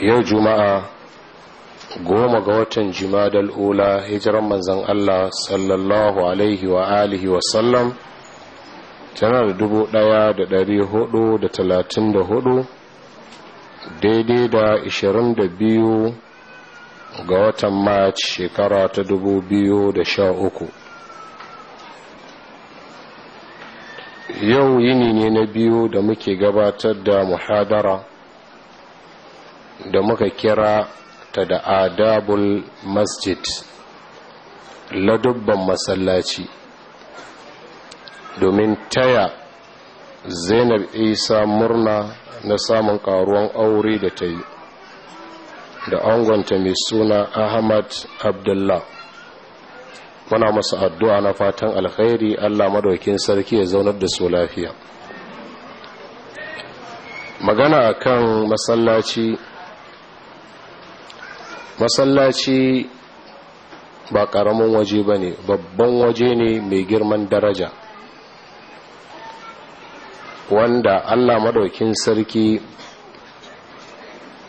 yau juma'a goma ga watan jimadal ula hijiran manzan Allah sallallahu alaihi wa alihi wa sallam tana da dubu daya da dari hudu da talatin da hudu daidai da ishirin da biyu ga watan march shekara ta dubu biyu da sha uku yau yini ne na biyu da muke gabatar da muhadara da muka kira ta da adabul masjid ladubban masallaci domin taya zainab isa murna na samun karuwan aure da ta yi da angonta mai suna ahmad abdullah muna masu addu'a na fatan alkhairi allah madaukin sarki ya zaunar da su lafiya magana akan masallaci masallaci ba ƙaramin waje ba ne babban waje ne mai girman daraja wanda allah maɗaukin sarki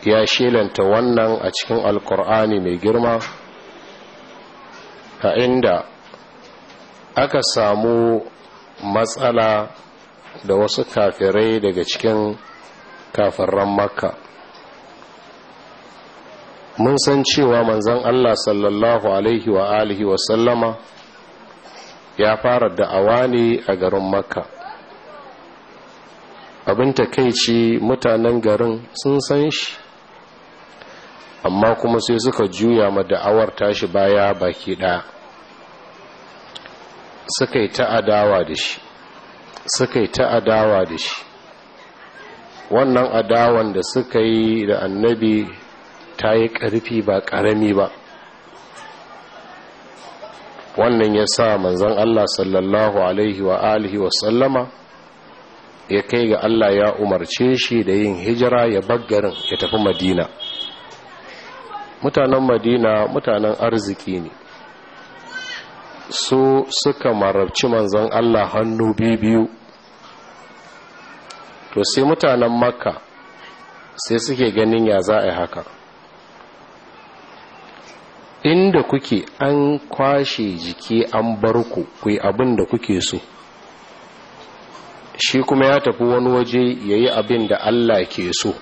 ya shelanta wannan a cikin alkur'ani mai girma a inda aka samu matsala da wasu kafirai daga cikin kafirran makka mun san cewa manzan Allah sallallahu alaihi wa alihi wa sallama ya fara da'awa ne a garin makka abin takeici mutanen garin sun san shi amma kuma sai suka juya ma da'awar tashi baya baki ɗaya suka yi ta'adawa da shi suka yi ta'adawa da shi wannan adawan da suka yi da annabi ta yi ƙarfi ba ƙarami ba wannan ya sa manzan Allah sallallahu alaihi wa alihi wa sallama ya kai ga Allah ya umarce shi da yin hijira ya baggarin ya tafi madina mutanen madina mutanen arziki ne su suka marabci manzan Allah hannu biyu to sai mutanen makka sai suke ganin ya za a haka inda kuke an kwashe jiki an bar ku ku abin da kuke so shi kuma ya tafi wani waje ya yi abin da Allah ke so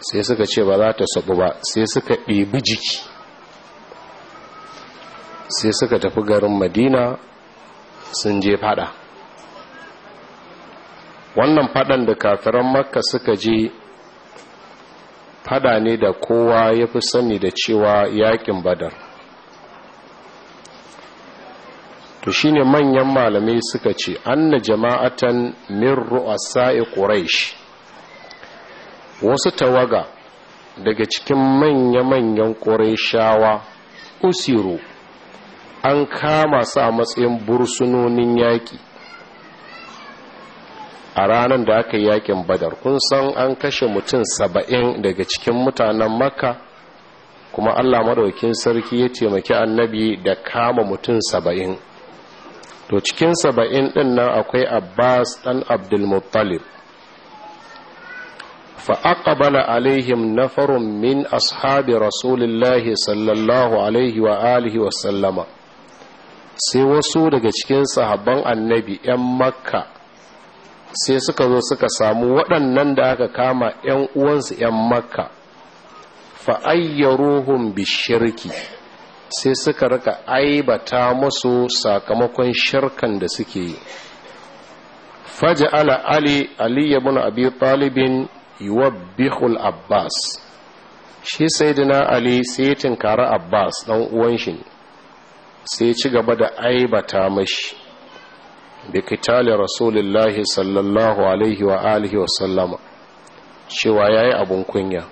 sai suka ce ba za ta sabu ba sai suka ɗebi jiki sai suka tafi garin madina sun je fada wannan fadan da kafiran makka suka je fada ne da kowa ya fi sani da cewa yakin badar to shi ne manyan malamai suka ce anna jama'atan min ru'asa'i quraish wasu tawaga daga cikin manya-manyan ƙuraishawa usiru an kama sa a matsayin bursunonin yaƙi a ranar da aka yi yakin badar kun san an kashe mutum saba'in daga cikin mutanen makka kuma allah maɗaukin sarki ya taimaki annabi da kama mutum saba'in to cikin saba'in ɗin nan akwai abbas ɗan abdulmuttalib فأقبل na نفر min ashabi رسول sallallahu alaihi wa عليه wa sallama sai wasu daga cikin sahabban annabi 'yan makka sai suka zo suka samu waɗannan da aka kama 'yan uwansu 'yan makka fa'ayyaruhun bishirki sai suka rika aibata musu sakamakon shirkan da suke yi ala ali aliyu bin abi talibin Bihul abbas shi sai na ali sai tinkara abbas ɗan uwanshi shi sai ci gaba da aibata mashi bi kitali rasulillahi sallallahu alaihi wa alihi wa sallama cewa yayi abun kunya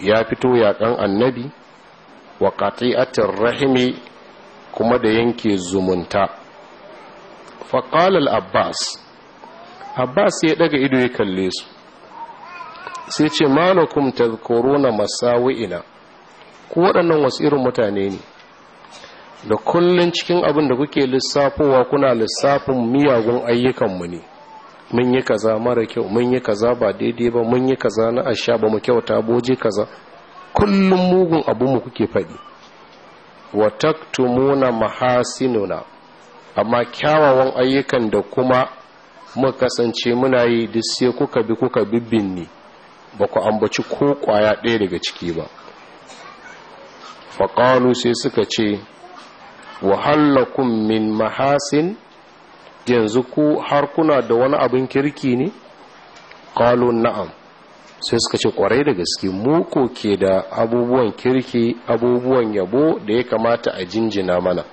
ya fito kan annabi wa qati'atir rahimi kuma da yanke zumunta fa qala abbas abbas ya daga ido ya kalle su sai ce malakum tadhkuruna masawi'ina ko waɗannan wasu irin mutane ne da kullum cikin abin da kuke lissafowa kuna lissafin miyagun ayyukanmu ne mun yi kaza mara kyau mun yi kaza ba daidai ba mun yi kaza na asha ba mu kyauta boje kaza kullum mugun abu mu kuke faɗi wa taktumuna mahasinuna amma kyawawan ayyukan da kuma muka kasance muna yi duk sai kuka bi kuka bibbinni ba ku ambaci ko kwaya ɗaya daga ciki ba faƙalu sai suka ce wahallakum min mahasin yanzu ku har kuna da wani abin kirki ne qalu na'am sai suka ce kwarai da gaske muku ke da abubuwan kirki abubuwan yabo da ya kamata a jinjina mana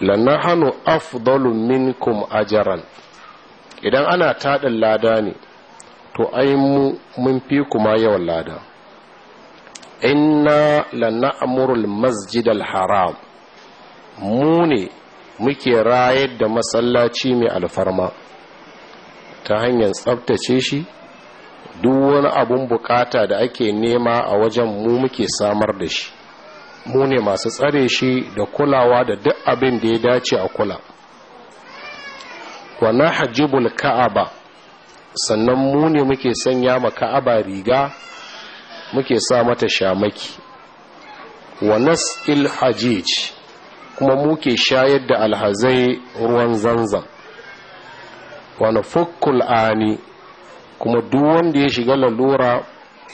lanahanu afdalu minkum ajaran idan ana taɗin lada ne to ai mun fi kuma yawan lada inna lana'murul masjidal haram mu ne muke rayar da masallaci mai alfarma ta hanyar tsabtace shi duk wani abun bukata da ake nema a wajen mu muke samar da shi mu ne masu tsare shi da kulawa da duk abin da ya dace a kula wa na hajjibul ka'aba sannan mu ne muke sanya ma ka'aba riga muke sa mata shamaki wa ilhajij kuma muke shayar da alhazai ruwan zanzan wa nufakkul ani kuma duk wanda ya shiga lalura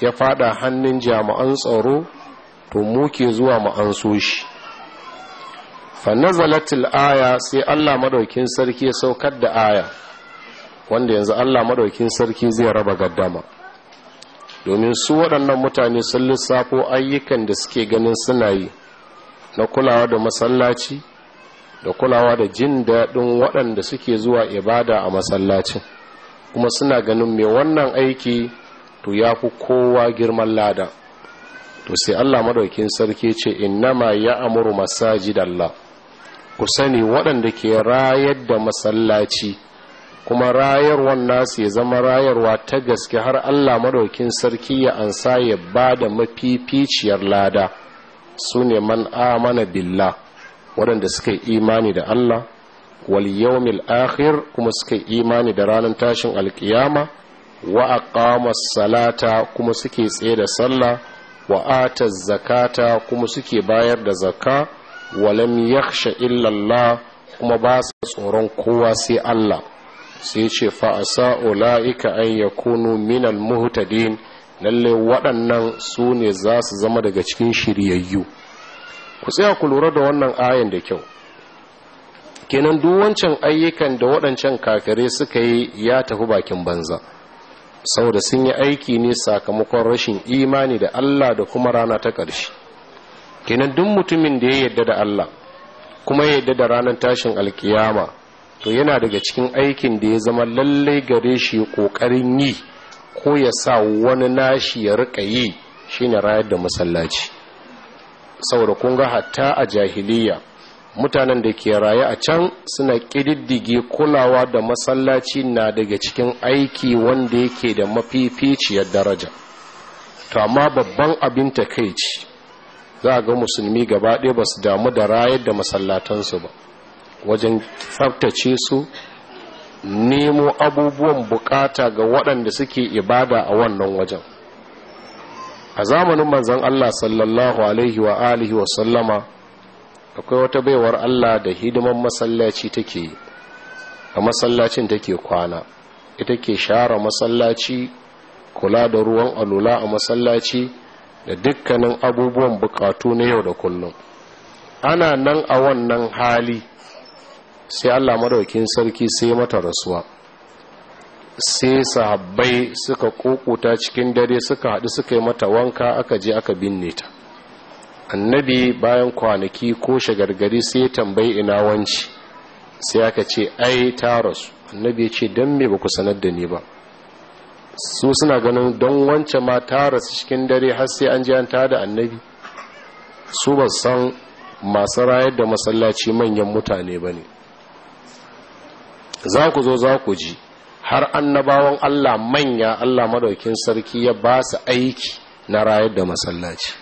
ya fada hannun jama'an tsaro to muke zuwa mu shi fa nazalatil aya sai Allah madaukin sarki ya saukar da aya wanda yanzu Allah madaukin sarki zai raba gaddama domin su waɗannan mutane sun lissafo ayyukan da suke ganin suna yi na kulawa da masallaci da kulawa da jin daɗin waɗanda suke zuwa ibada a masallacin kuma suna ganin mai wannan aiki to ya fi kowa girman lada to sai allah maɗaukin sarki ce innama ya amuru masajidallah ku sani waɗanda ke rayar da masallaci kuma rayarwan nasu ya zama rayarwa ta gaske har Allah madaukin sarki ya ansa ya ba da mafificiyar lada su ne man amana billah waɗanda suka yi imani da Allah wal yawmil akhir kuma suka yi imani da ranar tashin alkiyama wa aqama salata kuma suke tsaye da sallah wa ata zakata kuma suke bayar da zaka wa lam yakhsha illa Allah kuma ba su tsoron kowa sai Allah sai ce fa'asa ula'ika an ya kunu minan muhtadin lalle waɗannan su ne za su zama daga cikin shiryayyu ku tsaya ku lura da wannan ayan da kyau kenan duk wancan ayyukan da waɗancan kakare suka yi ya tafi bakin banza Sau da sun yi aiki ne sakamakon rashin imani da Allah da kuma rana ta ƙarshe kenan duk mutumin da ya yadda da Allah kuma ya yadda da ranar tashin alkiyama to yana daga cikin aikin da ya zama lalle gare shi kokarin yi ko ya sa wani nashi ya rika yi shine rayar da masallaci saboda kun ga hatta a jahiliya mutanen da ke raye a can suna kididdige kulawa da masallaci na daga cikin aiki wanda yake da mafificiyar daraja to amma babban abin takeici za a ga musulmi gaba ɗaya ba su damu da rayar da masallatansu ba wajen tsabtace su nemo abubuwan bukata ga waɗanda suke ibada a wannan wajen a zamanin manzan Allah sallallahu alaihi wa alihi wa sallama akwai wata baiwar Allah da hidiman masallaci take a masallacin take kwana ita ke share masallaci kula da ruwan alula a masallaci da dukkanin abubuwan bukatu na yau da kullum ana nan a wannan hali sai allah madaukin sarki sai mata rasuwa sai sahabbai suka kokuta cikin dare suka haɗu suka yi mata wanka aka je aka binne ta annabi bayan kwanaki ko shagargari sai ya tambayi ina wanci sai aka ce ai ta rasu annabi ya ce don me ba ku sanar da ni ba su suna ganin don wance ma ta rasu cikin dare har sai an ji an ta da annabi su ba san masu rayar da masallaci manyan mutane ba ne za ku zo za ku ji har annabawan Allah manya Allah madaukin sarki ya ba su aiki na rayar da masallaci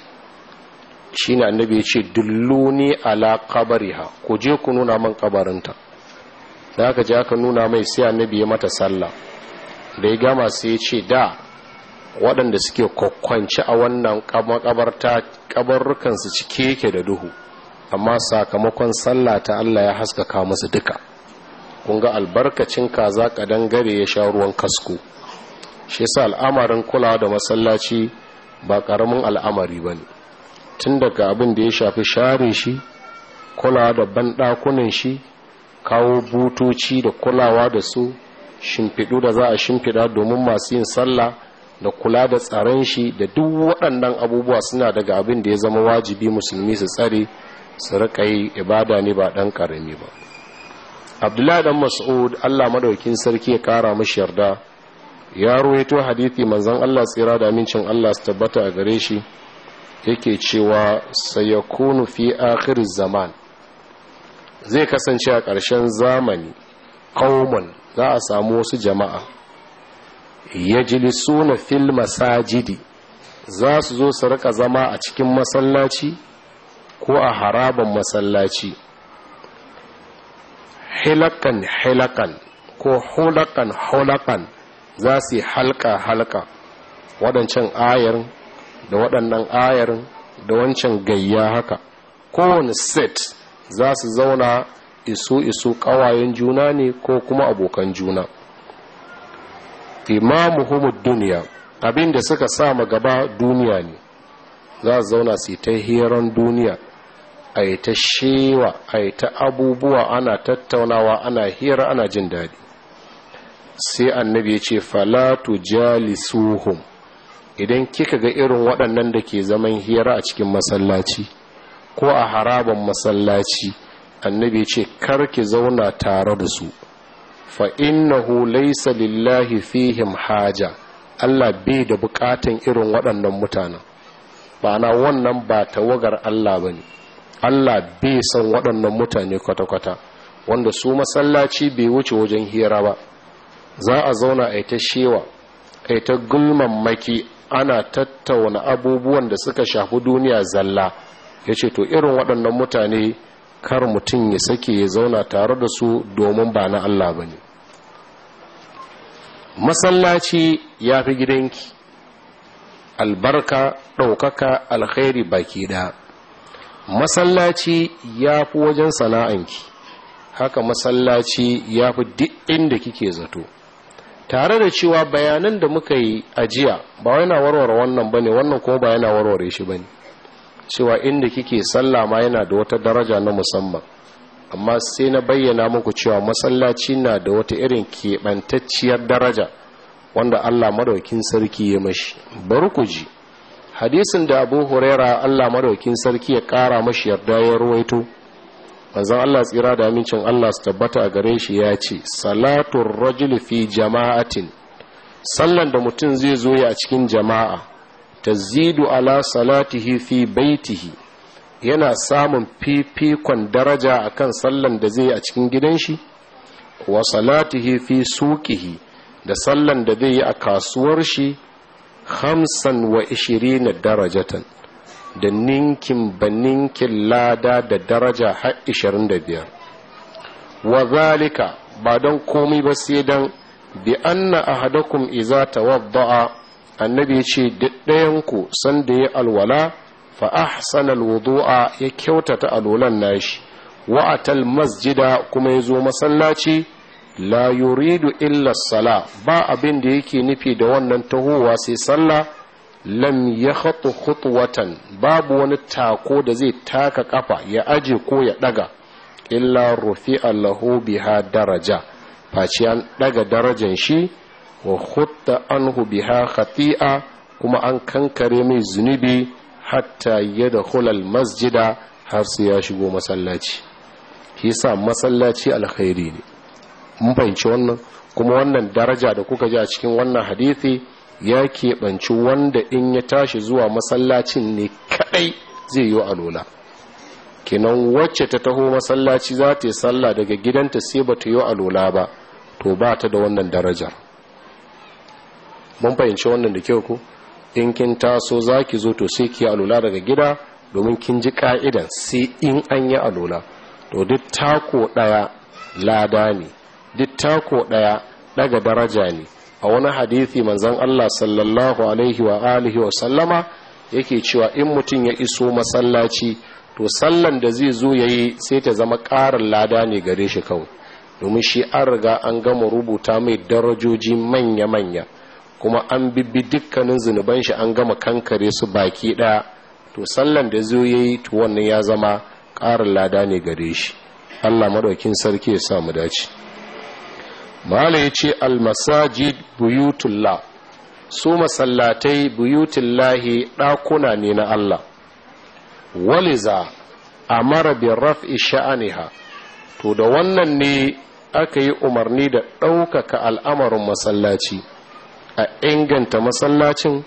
shi ne annabi ya ce dulluni ala kabariha ku je ku nuna man kabarinta da aka je aka nuna mai sai annabi ya mata sallah da ya gama sai ya ce da waɗanda suke kwakwanci a wannan makabarta kabarrukansu cike yake da duhu amma sakamakon sallah ta Allah ya haskaka musu duka kun ga albarkacin kaza kadan gare ya sha ruwan kasko shi sa al'amarin kulawa da masallaci ba karamin al'amari ba ne tun daga abin da ya shafi share shi kula da banɗakunan shi kawo butoci da kulawa da su shimfiɗu da za a shimfiɗa domin masu yin sallah da kula da tsaron shi da duk waɗannan abubuwa suna daga abin da ya zama wajibi musulmi su tsare su rikai yi ibada ne ba ɗan ƙarami ba abdullahi dan mas'ud Allah madaukin sarki ya kara mashi yarda ya ruwaito hadithi manzon Allah tsira da amincin Allah su tabbata a gare shi yake cewa sayakunu fi akhir zaman zai kasance a ƙarshen zamani qauman za a samu wasu jama'a yajlisuna fil masajidi za su zo su rika zama a cikin masallaci ko a haraban masallaci hilakan hilakan ko hulakan hulakan za su yi halka halka waɗancan ayar da waɗannan ayar da wancan gayya haka kowane set za su zauna isu isu ƙawayen juna ne ko kuma abokan juna imamu humud duniya abin da suka sa gaba duniya ne za su zauna su ta hiran duniya a yi shewa a yi abubuwa ana tattaunawa ana hira ana jin daɗi sai annabi ya ce falatu jalisuhum idan kika ga irin waɗannan da ke zaman hira a cikin masallaci ko a haraban masallaci annabi ce karki zauna tare da su fa innahu laisa lillahi fihim haja Allah bai da bukatan irin waɗannan mutanen ba na wannan ba tawagar Allah ba ne. Allah bai san waɗannan mutane kwata-kwata wanda su masallaci bai wuce wajen hira ba za a zauna a ta shewa a ta maki ana tattauna abubuwan da suka shafi duniya zalla ya ce to irin waɗannan mutane kar mutum ya sake ya zauna tare da su domin ba na Allah ba ne masallaci ya fi gidanki albarka ɗaukaka alkhairi baki ɗaya masallaci ya fi wajen sana'anki haka masallaci ya fi duk inda kike zato tare da cewa bayanan da muka yi ajiya ba wai na warware wannan bane wannan kuma ba yana warware shi bane cewa inda kike sallah ma yana da wata daraja na musamman amma sai na bayyana muku cewa masallaci na da wata irin keɓantacciyar daraja wanda Allah madaukin sarki ya mashi bari ku ji hadisin da abu huraira allah maraukin sarki ya kara mashi yarda ya ruwaito manzan allah tsira da amincin allah su tabbata a gare shi ya ce salatun rajul fi jama'atin sallan da mutum zai zo ya a cikin jama'a ta tazidu ala salatihi fi baitihi yana samun fifikon daraja a kan sallan da zai a cikin gidan shi wa salatihi fi sukihi da sallan da zai yi a kasuwar shi hamsan wa ishirina darajatan da ninkin ba ninkin lada da daraja har ishirin da biyar wa zalika ba don komai ba sai don bi anna ahadakum iza tawadda'a annabi ce daɗayanku san da ya alwala fa ahsana alwudu'a ya kyautata alwalan nashi wa atal masjida kuma ya zo masallaci la yuridu illa sala ba abin da yake nufi da wannan tahowa sai sallah lam ya khatu khutwatan babu wani tako da zai taka kafa ya aje ko ya daga illa rufi allahu biha daraja face an daga darajan shi wa khutta anhu biha khati'a kuma an kankare mai zunubi hatta yadkhula al masjida har sai ya shigo masallaci yasa masallaci alkhairi ne mun fahimci wannan kuma wannan daraja da kuka ji a cikin wannan hadisi ya keɓanci wanda in ya tashi zuwa masallacin ne kaɗai zai yi alola kenan wacce ta taho masallaci za ta yi sallah daga gidanta sai ba ta yi alola ba to ba ta da wannan daraja. mun fahimci wannan da kyau ko in kin taso za ki zo to sai ki yi alola daga gida domin kin ji ka'idan sai in an yi alola to duk tako ɗaya lada ne duk tako ɗaya daga daraja ne a wani hadithi manzan Allah sallallahu alaihi wa alihi wa sallama yake cewa in mutum ya iso masallaci to sallan da zai zo yayi sai ta zama ƙarin lada ne gare shi kawai domin shi an riga an gama rubuta mai darajoji manya-manya kuma an bibbi dukkanin zunuban shi an gama kankare su baki ɗaya to sallan da zo yayi to wannan ya zama ƙarin lada ne gare shi Allah madaukin sarki ya sa dace mala ya ce almasajid buyutullah su masallatai buyutullahi ɗakuna ne na Allah waliza mara biyar raf'i sha'aniha to da wannan ne aka yi umarni da ɗaukaka al'amarin masallaci a inganta masallacin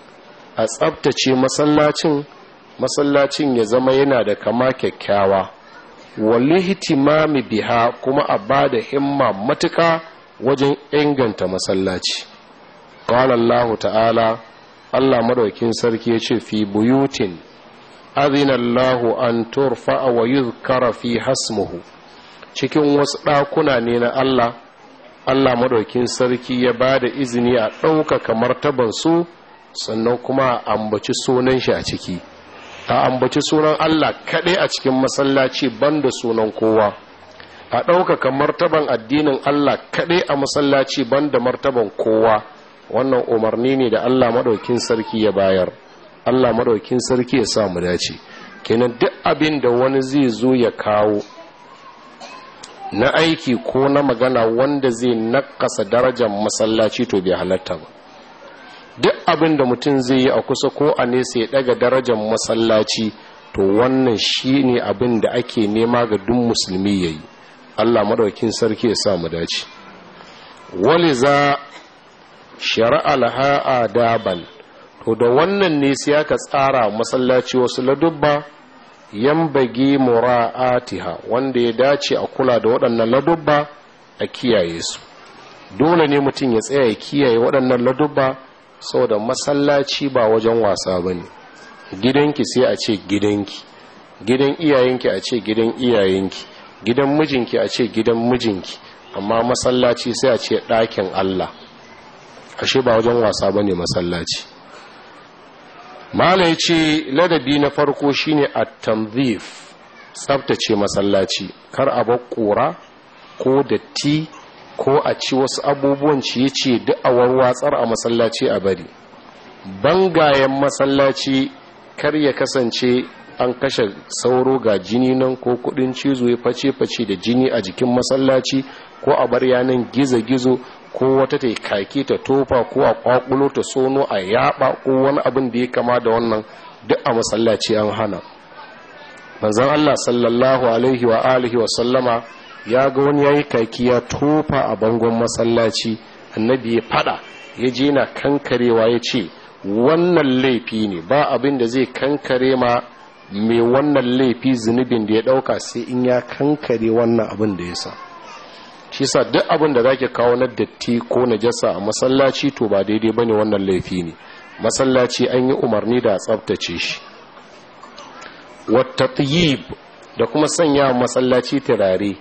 a tsabtace masallacin masallacin ya zama yana da kama kyakkyawa hitimami biha kuma a ba da himma matuka wajen inganta masallaci ƙwan allah ta'ala allah maɗaukin sarki ya ce fi buyutin adina allah an turfa wa yuzkara fi hasmuhu cikin wasu ɗakuna ne na allah allah maɗaukin sarki ya ba da izini a ɗaukaka martaban su sannan kuma a ambaci sunan shi a ciki a ambaci sunan allah kaɗai a cikin masallaci banda sunan kowa a ɗaukaka martaban addinin Allah kaɗai a masallaci banda martaban kowa wannan umarni ne da Allah maɗaukin sarki ya bayar Allah maɗaukin sarki ya sa mu dace kenan duk abin da wani zai zo ya kawo na aiki ko na magana wanda zai nakasa darajar masallaci to bai halatta ba duk abin da mutum zai yi a kusa ko a nesa ya ɗaga darajar masallaci to wannan shi ne abin da ake nema ga duk musulmi ya yi Allah madaukin sarki ya sa mu dace waliza shara laha adaban to da wannan ne sai aka tsara masallaci wasu ladubba yambagi mura'atiha wanda ya dace a kula da waɗannan ladubba a kiyaye su dole ne mutum ya tsaya ya kiyaye waɗannan ladubba saboda masallaci ba wajen wasa bane gidanki sai a ce gidanki gidan iyayenki a ce gidan iyayenki gidan mijinki a ce gidan mijinki amma masallaci sai a ce ɗakin Allah ashe ba wajen wasa ba ne masallaci Malam ya ce ladabi na farko shine a tamzif tsabtace masallaci kar a bar ko datti ko a ci wasu abubuwan ciye-ciye ce a a masallaci a bari bangayen masallaci kar ya kasance an kashe sauro ga jini nan ko kudin cizo ya face-face da jini a jikin masallaci ko a bar yanin gizo-gizo ko wata ta kaki ta tofa ko a kwakulo ta sono a yaba ko wani abin da ya kama da wannan duk a masallaci an hana manzon Allah sallallahu alaihi wa alihi wa sallama ya ga wani yayi kaki ya tofa a bangon masallaci annabi ya fada ya je na kankarewa ya ce wannan laifi ne ba abin da zai kankare ma mai wannan laifi zunubin da ya dauka sai in ya kankare wannan abin da ya sa shi sa duk abin da zaki kawo na datti ko najasa a masallaci to ba daidai bane wannan laifi ne masallaci an yi umarni da tsabtace shi wattatyib da kuma sanya masallaci turare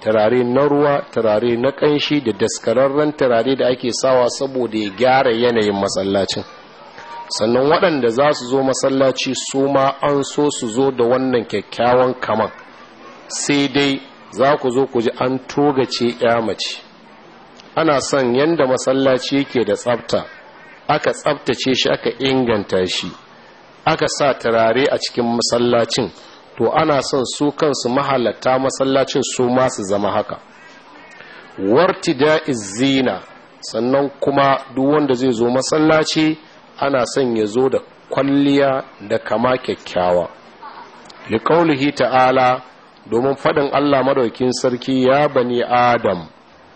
turare na ruwa turare na kanshi da daskararren turare da ake sawa saboda ya gyara yanayin masallacin sannan waɗanda za su zo masallaci su ma an so su zo da wannan kyakkyawan kaman sai dai za ku zo ku ji an togace mace ana son yadda masallaci yake da tsafta aka tsaftace shi aka inganta shi aka sa turare a cikin masallacin to ana son su kansu mahalatta masallacin su ma su zama haka wartida izina sannan kuma duk wanda zai zo masallaci ana son ya zo da kwalliya da kama kyakkyawa liƙaunuhi ta'ala domin faɗin allah maɗaukin sarki ya bani adam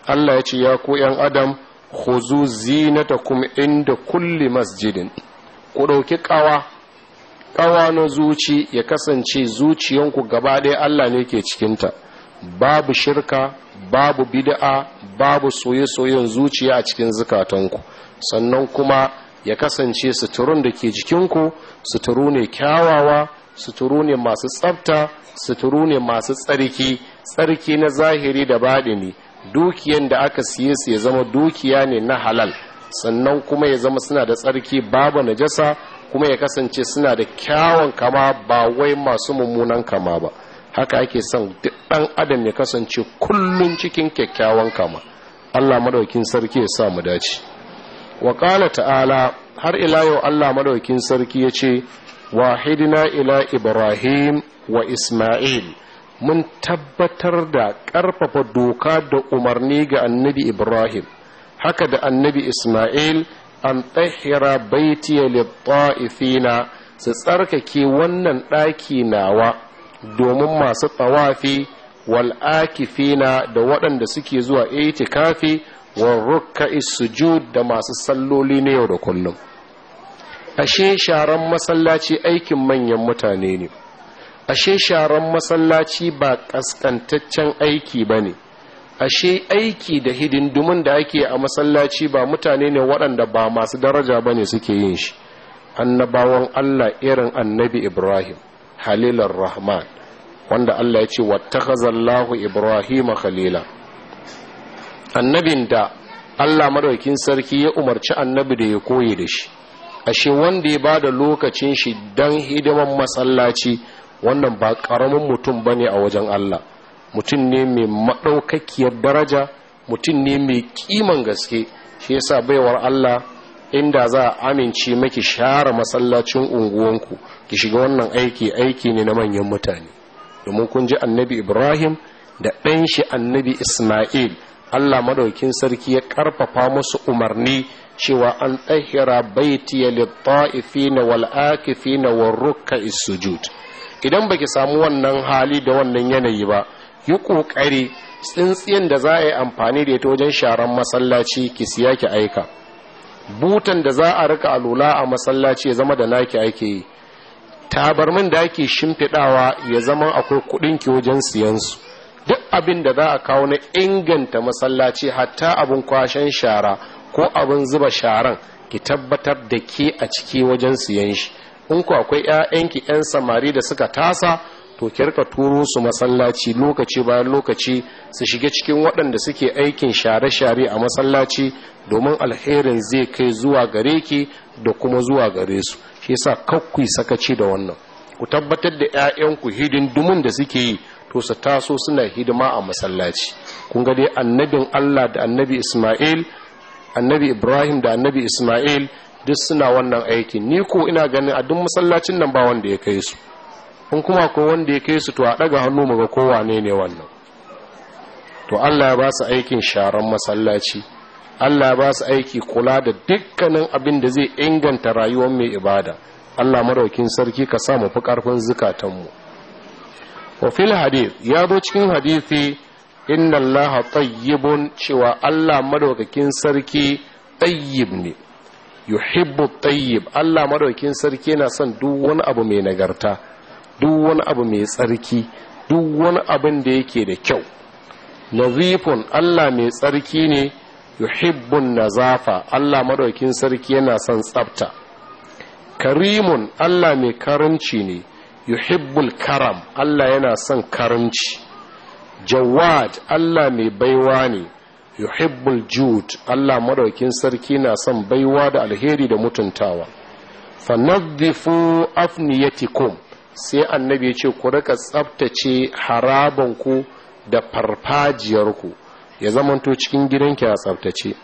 allah ya ce ya ku ‘yan adam zinata kuma inda kulli masjidin ku ɗauki ƙawa ƙawa na zuci ya kasance zuciyanku gaba ɗaya allah ne ke cikinta babu shirka babu bida'a babu soye-soyen zuciya a cikin zukatanku sannan kuma ya kasance suturun da ke jikinku suturu ne kyawawa suturu ne masu tsabta suturu ne masu tsarki tsarki na zahiri da baɗini dukiyan da aka siye su ya zama dukiya ne na halal sannan kuma ya zama suna da tsarki babu najasa kuma ya kasance suna da kyawun kama ba wai masu mummunan kama ba haka ake son duk ɗan adam ya kasance kullum cikin kyakkyawan kama allah madaukin sarki ya sa mu dace wa ƙala ta'ala har ila yau Allah madaukin sarki ya ce wahidina ila ibrahim wa isma'il mun tabbatar da ƙarfafa doka da umarni ga annabi ibrahim haka da annabi isma'il an tsahira baitiya litta'ifina su tsarkake wannan ɗaki nawa domin masu tsawafi wal'akifina da waɗanda suke zuwa itikafi wa rukka'i sujud da masu salloli na yau da kullum ashe sharan masallaci aikin manyan mutane ne ashe sharan masallaci ba ƙasƙantaccen aiki ba ne ashe aiki da hidindumin da ake a masallaci ba mutane ne waɗanda ba masu daraja ba ne suke yin shi annabawan allah irin annabi ibrahim halilar rahman wanda allah ya ce wata zallahu ibrahim khalila annabin da Allah madaukin sarki ya umarci annabi da ya koyi da shi ashe wanda ya bada lokacin shi dan hidiman masallaci wannan ba karamin mutum bane a wajen Allah mutum ne mai madaukakiyar daraja mutum ne mai kiman gaske shi yasa baiwar Allah inda za a amince miki share masallacin unguwanku ki shiga wannan aiki aiki ne na manyan mutane domin kun ji annabi Ibrahim da ɗan shi annabi Ismail Allah madaukin sarki ya karfafa musu umarni cewa an ɗahira baiti ya litta'ifina wal akifina wal rukka sujud idan baki samu wannan hali da wannan yanayi ba yi ƙoƙari tsintsiyan da za a yi amfani da ita wajen sharan masallaci ki siya ki aika butan da za a rika alula a masallaci ya zama da naki ake yi tabarmin da ake shimfiɗawa ya zama akwai kuɗin ki wajen siyansu duk abin da za a kawo na inganta masallaci hatta abin kwashen shara ko abin zuba sharan ki tabbatar da ke a ciki wajen siyan shi in ku akwai 'ya'yanki 'yan samari da suka tasa to ki rika turo su masallaci lokaci bayan lokaci su shiga cikin waɗanda suke aikin share-share a masallaci domin alherin zai kai zuwa gare ki da kuma zuwa gare su shi yasa kakkui sakaci da wannan ku tabbatar da 'ya'yanku hidindumin da suke yi to su taso suna hidima a masallaci kun ga dai annabin Allah da annabi Ismail annabi Ibrahim da annabi Ismail duk suna wannan aiki ni ko ina ganin a duk masallacin nan ba wanda ya kai su in kuma ko wanda ya kai su to a daga hannu mu ga kowa ne ne wannan to Allah ya ba su aikin sharan masallaci Allah ya ba su aiki kula da dukkanin abin da zai inganta rayuwar mai ibada Allah maraukin sarki ka sa mu fi karfin zukatanmu mu wa fil hadith ya zo cikin hadisi inna allaha tayyibun cewa Allah madaukakin sarki tayyib ne yuhibbu tayyib Allah madaukakin sarki yana son duk wani abu mai nagarta duk wani abu mai tsarki duk wani abin da yake da kyau nazifun Allah mai tsarki ne yuhibbun nazafa Allah madaukakin sarki yana son tsafta karimun Allah mai karanci ne yuhibbul karam Allah yana son karimci jawad Allah mai baiwa ne yuhibbul jud Allah madaukin sarki na son baiwa da alheri da mutuntawa fanadhifu afniyatikum sai annabi ya ce ku rika tsaftace harabanku da farfajiyarku ya zamanto cikin gidanki a tsaftace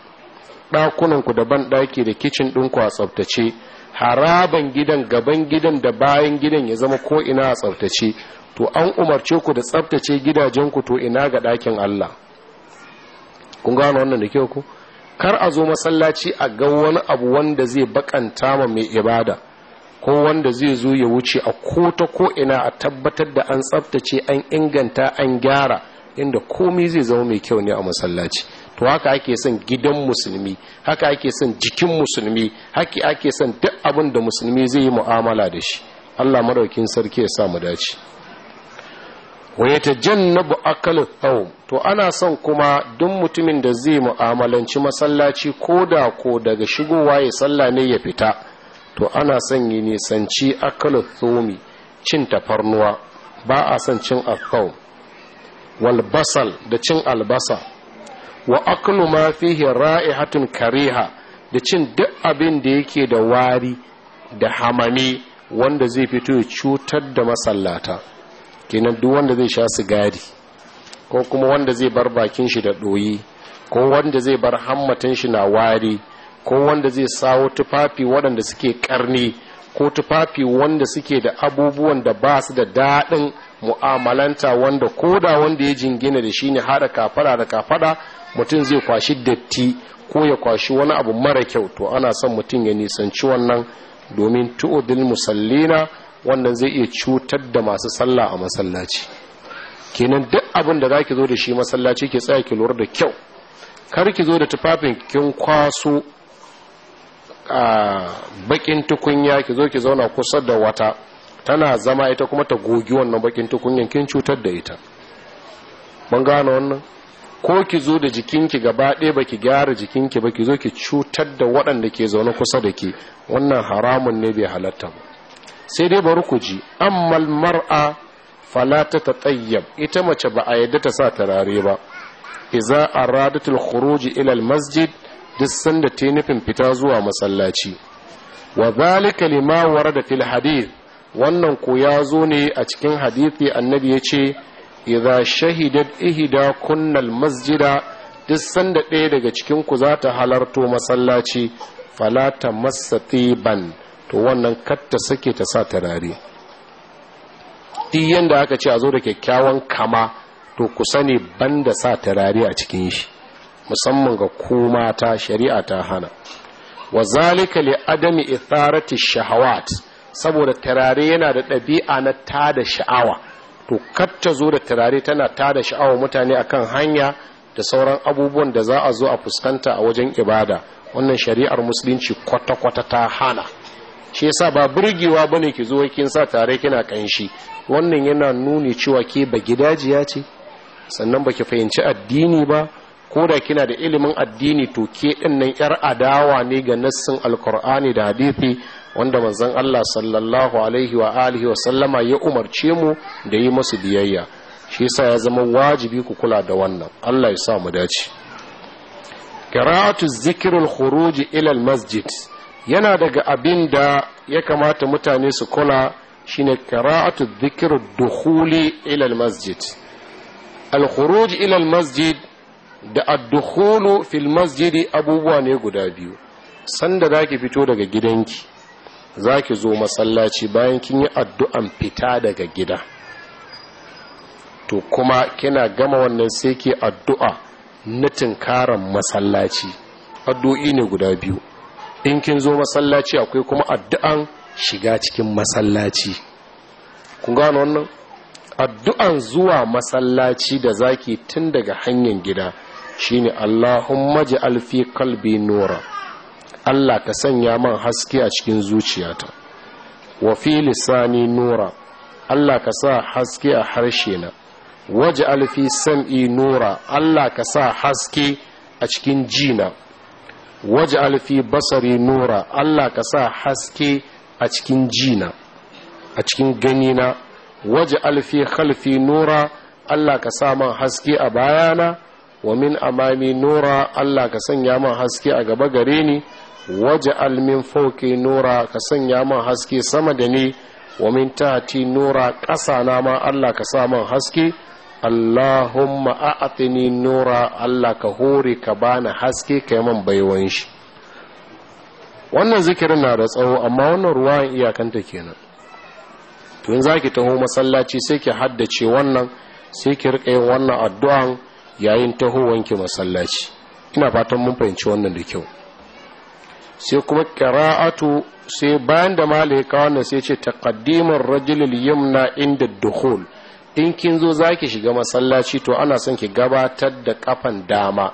ɗakunanku daban ɗaki da kicin ɗinku a tsaftace haraban gidan gaban gidan da bayan gidan ya zama ko ina a tsaftace to an umarce ku da tsaftace gidajenku to ina ga ɗakin Allah kun gano wannan da kyau ku kar a zo masallaci a ga wani abu wanda zai bakanta ma mai ibada ko wanda zai zo ya wuce a kota ko ina a tabbatar da an tsaftace an inganta an gyara inda komai zai zama mai kyau ne a masallaci to haka ake son gidan musulmi haka ake son jikin musulmi haka ake son duk abin da musulmi zai yi mu'amala da shi Allah madaukin sarki ya sa mu dace ta na akalu thawm to ana son kuma duk mutumin da zai mu'amalanci masallaci ko da ko daga shigowa ya salla ne ya fita to ana son yi nisanci akalu thawmi cin tafarnuwa ba a son cin akau wal basal da cin albasa wa aklu ma fihi ra'ihatun kariha da cin duk abin da yake da wari da hamami wanda zai fito ya cutar da masallata kenan duk wanda zai sha sigari ko kuma wanda zai bar bakin shi da doyi ko wanda zai bar hammatan shi na wari ko wanda zai sawo tufafi waɗanda suke karni ko tufafi wanda suke da abubuwan da ba su da daɗin mu'amalanta wanda koda wanda ya jingina da shi ne hada kafada da kafada mutum zai kwashi datti ko ya kwashi wani abu mara kyau to ana son mutum ya nisanci wannan domin tu'udil musallina wannan zai iya cutar da masu sallah a masallaci kenan duk abin da ki zo da shi masallaci ki tsaya ki lura da kyau kar ki zo da tufafin kin kwaso a bakin tukunya ki zo ki zauna kusa da wata tana zama ita kuma ta gogi wannan bakin tukunyan kin cutar da ita mun gano wannan ko ki zo da jikinki gaba ɗaya baki gyara jikinki ba ki zo ki cutar da waɗanda ke zaune kusa da ke wannan haramun ne bai halatta ba sai dai bari ku ji ammal mar'a fala ta tsayyab ita mace ba a yadda ta sa turare ba iza aradatul khuruj ila al masjid duk sanda ta nufin fita zuwa masallaci wa zalika lima warada fil hadith wannan ko ya zo ne a cikin hadithi annabi ya ce idza shahidat ihda kunnal masjida duk sanda ɗaya daga cikin ku za ta halarto masallaci fala ta ban to wannan katta sake ta sa tarare duk yanda aka ce a zo da kyakkyawan kama to ku sani da sa tarare a cikin shi musamman ga kuma ta shari'a ta hana wa zalika li adami itharati shahawat saboda turare yana da ɗabi'a na tada sha'awa to kar zo da turare tana tada sha'awa mutane akan hanya da sauran abubuwan da za a zo a fuskanta a wajen ibada wannan shari'ar musulunci kwata-kwata ta hana shi yasa ba burgewa bane ki zo kin sa tare kina kanshi wannan yana nuni cewa ke ba gidajiya ce sannan baki fahimci addini ba ko da kina da ilimin addini to ke din nan yar adawa ne ga nassin alkur'ani da hadithi wanda manzon Allah sallallahu alaihi wa alihi wa sallama ya umarce mu da yi masu biyayya shi yasa ya zama wajibi ku kula da wannan Allah ya sa mu dace qira'atu zikrul khuruj ilal masjid yana daga abin da ya kamata mutane su kula shine qira'atu zikrul dukhuli ila al masjid al khuruj ila masjid da ad fil masjid abubuwa ne guda biyu sanda zaki fito daga gidanki za ki zo masallaci bayan kin yi addu'an fita daga gida to kuma kina gama wannan sai ke addu'a na tunkaran masallaci addu'i ne guda biyu in kin zo masallaci akwai kuma addu'an shiga cikin masallaci kun gano wannan addu'an zuwa masallaci da za ki tun daga hanyar gida shine allahun Maji alfi kalbi nura Allah ka sanya man haske a cikin zuciyata wa fi lisani nura Allah ka sa haske a harshe na waje alfi sam'i nura Allah ka sa haske a cikin jina waje alfi basari nura Allah ka sa haske a cikin jina a cikin ganina waje alfi khalfi nura Allah ka sa man haske a bayana wa min amami nura Allah ka sanya man haske a gaba gare ni waje almin fauke nura ka sanya man haske sama da ni wa min tahti nura ƙasa na ma Allah ka sa man haske Allahumma a'tini nura Allah ka hore ka bani haske ka yi man baiwan shi wannan zikirin na da tsawo amma wannan ruwa iyakanta kenan to in zaki taho masallaci sai ki haddace wannan sai ki rika wannan addu'an yayin taho wanki masallaci ina fatan mun fahimci wannan da kyau sai kuma kira'atu sai bayan da malika wannan sai ce taqaddimar rajulil yamna inda dukhul in kin zo zaki shiga masallaci to ana son ki gabatar da kafan dama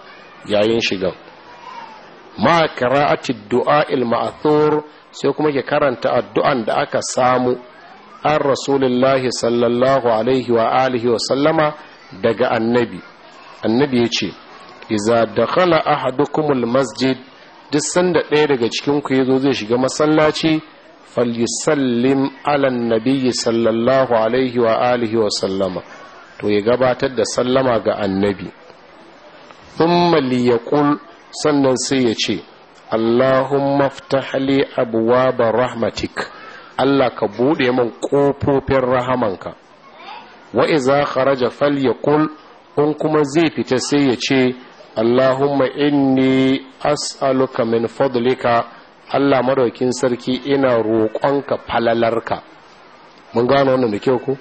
yayin shiga ma kira'ati du'a il ma'thur sai kuma ki karanta addu'an da aka samu an rasulullahi sallallahu alaihi wa alihi wa sallama daga annabi annabi ya ce iza dakhala ahadukumul masjid duk sanda ɗaya daga cikin ku yazo zai shiga masallaci falyusallim ala nabiyyi sallallahu alaihi wa alihi wa sallama to ya gabatar da sallama ga annabi thumma liyaqul sannan sai ya ce Allahumma ftah li abwab rahmatik Allah ka bude min kofofin rahamanka wa iza kharaja falyaqul in kuma zai fita sai ya ce اللهم inni as'aluka من fadlika Allah maraukin sarki ina roƙonka falalarka mun gano wannan da kyau ku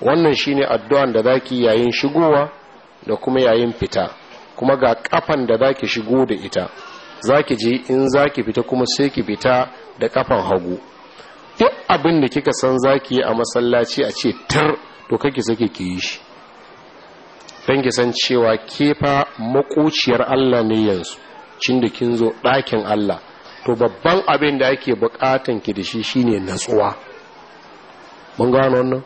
wannan shine addu'an da zaki yayin shigowa da kuma yayin fita kuma ga ƙafan da zaki shigo da ita zaki je in zaki fita kuma sai ki fita da ƙafan hagu duk abin da kika san zaki yi a masallaci a ce tar to kake sake ki yi shi don ki san cewa kefa makociyar Allah ne yanzu cin da kin zo ɗakin Allah to babban abin da ake buƙatan ki da shi shine natsuwa mun gano wannan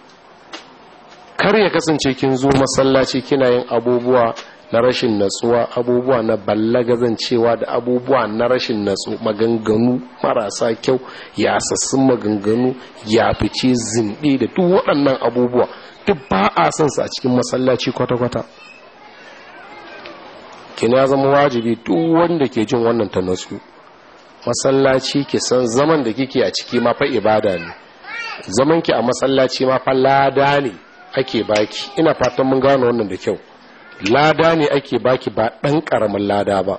kar ya kasance kin zo masallaci kina yin abubuwa na rashin natsuwa abubuwa na ballagazancewa da abubuwa na rashin natsu maganganu marasa kyau sassun maganganu ya fice zinɗi da duk waɗannan abubuwa duk ba a son su a cikin masallaci kwata-kwata kina ya zama wajibi duk wanda ke jin wannan ta nasu masallaci ki san zaman da kike a ciki ma fa ibada ne zaman ki a masallaci ma fa lada ne ake baki ina fatan mun gano wannan da kyau lada ne ake baki ba ɗan karamin lada ba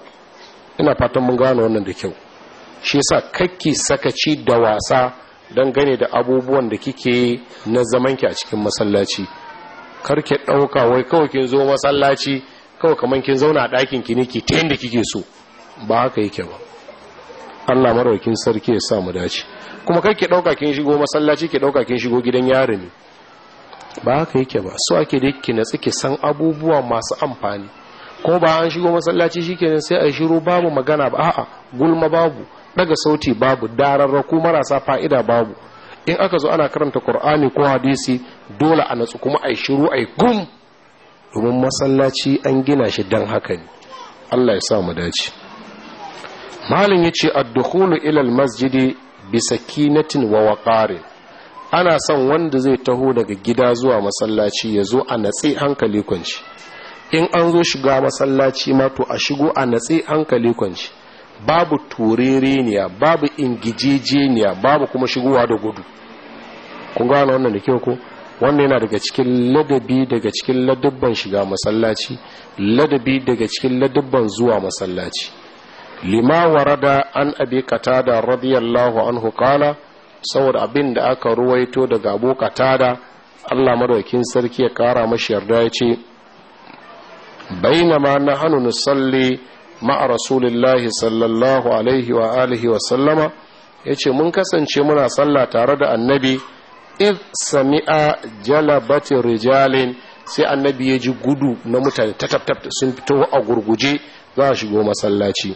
ina fatan mun gano wannan da kyau shi yasa kakki sakaci da wasa don gane da abubuwan da kike na zamanki a cikin masallaci karke ɗauka wai kawai kin zo masallaci kawai kaman kin zauna a ɗakin ki niki ta yadda kike so ba haka yake ba Allah maraukin sarki ya sa mu dace kuma kai ki ɗauka kin shigo masallaci ki ɗauka kin shigo gidan yaro ne ba haka yake ba so ake da ki natsi ki san abubuwa masu amfani ko ba an shigo masallaci shikenan sai a shiru babu magana ba a'a gulma babu daga sauti babu dararraku marasa fa'ida babu in aka zo ana karanta qur'ani ko hadisi dole a natsu kuma ai shiru ai gum domin masallaci an gina shi dan haka ne Allah ya sa mu dace malin yace ad-dukhulu ila al-masjidi bi sakinatin wa waqarin ana son wanda zai taho daga gida zuwa masallaci ya zo a natsi hankali kwanci in an zo shiga masallaci ma to a shigo a natsi hankali kwanci babu turereniya babu ingijejeniya babu kuma shigowa da gudu kun gano wannan da kyau ko wannan yana daga cikin ladabi daga cikin ladabban shiga masallaci ladabi daga cikin ladabban zuwa masallaci lima warada an abi katada radiyallahu anhu qala saboda abin da aka ruwaito daga abu katada Allah madaukin sarki ya kara mashi yarda ya ce bainama na hannu nusalli ma'a rasulillahi sallallahu alaihi wa alihi wa sallama ya ce mun kasance muna sallah tare da annabi id sami'a jalabatin rijalin sai annabi ya ji gudu na mutane ta sun fito a gurguje za a shigo masallaci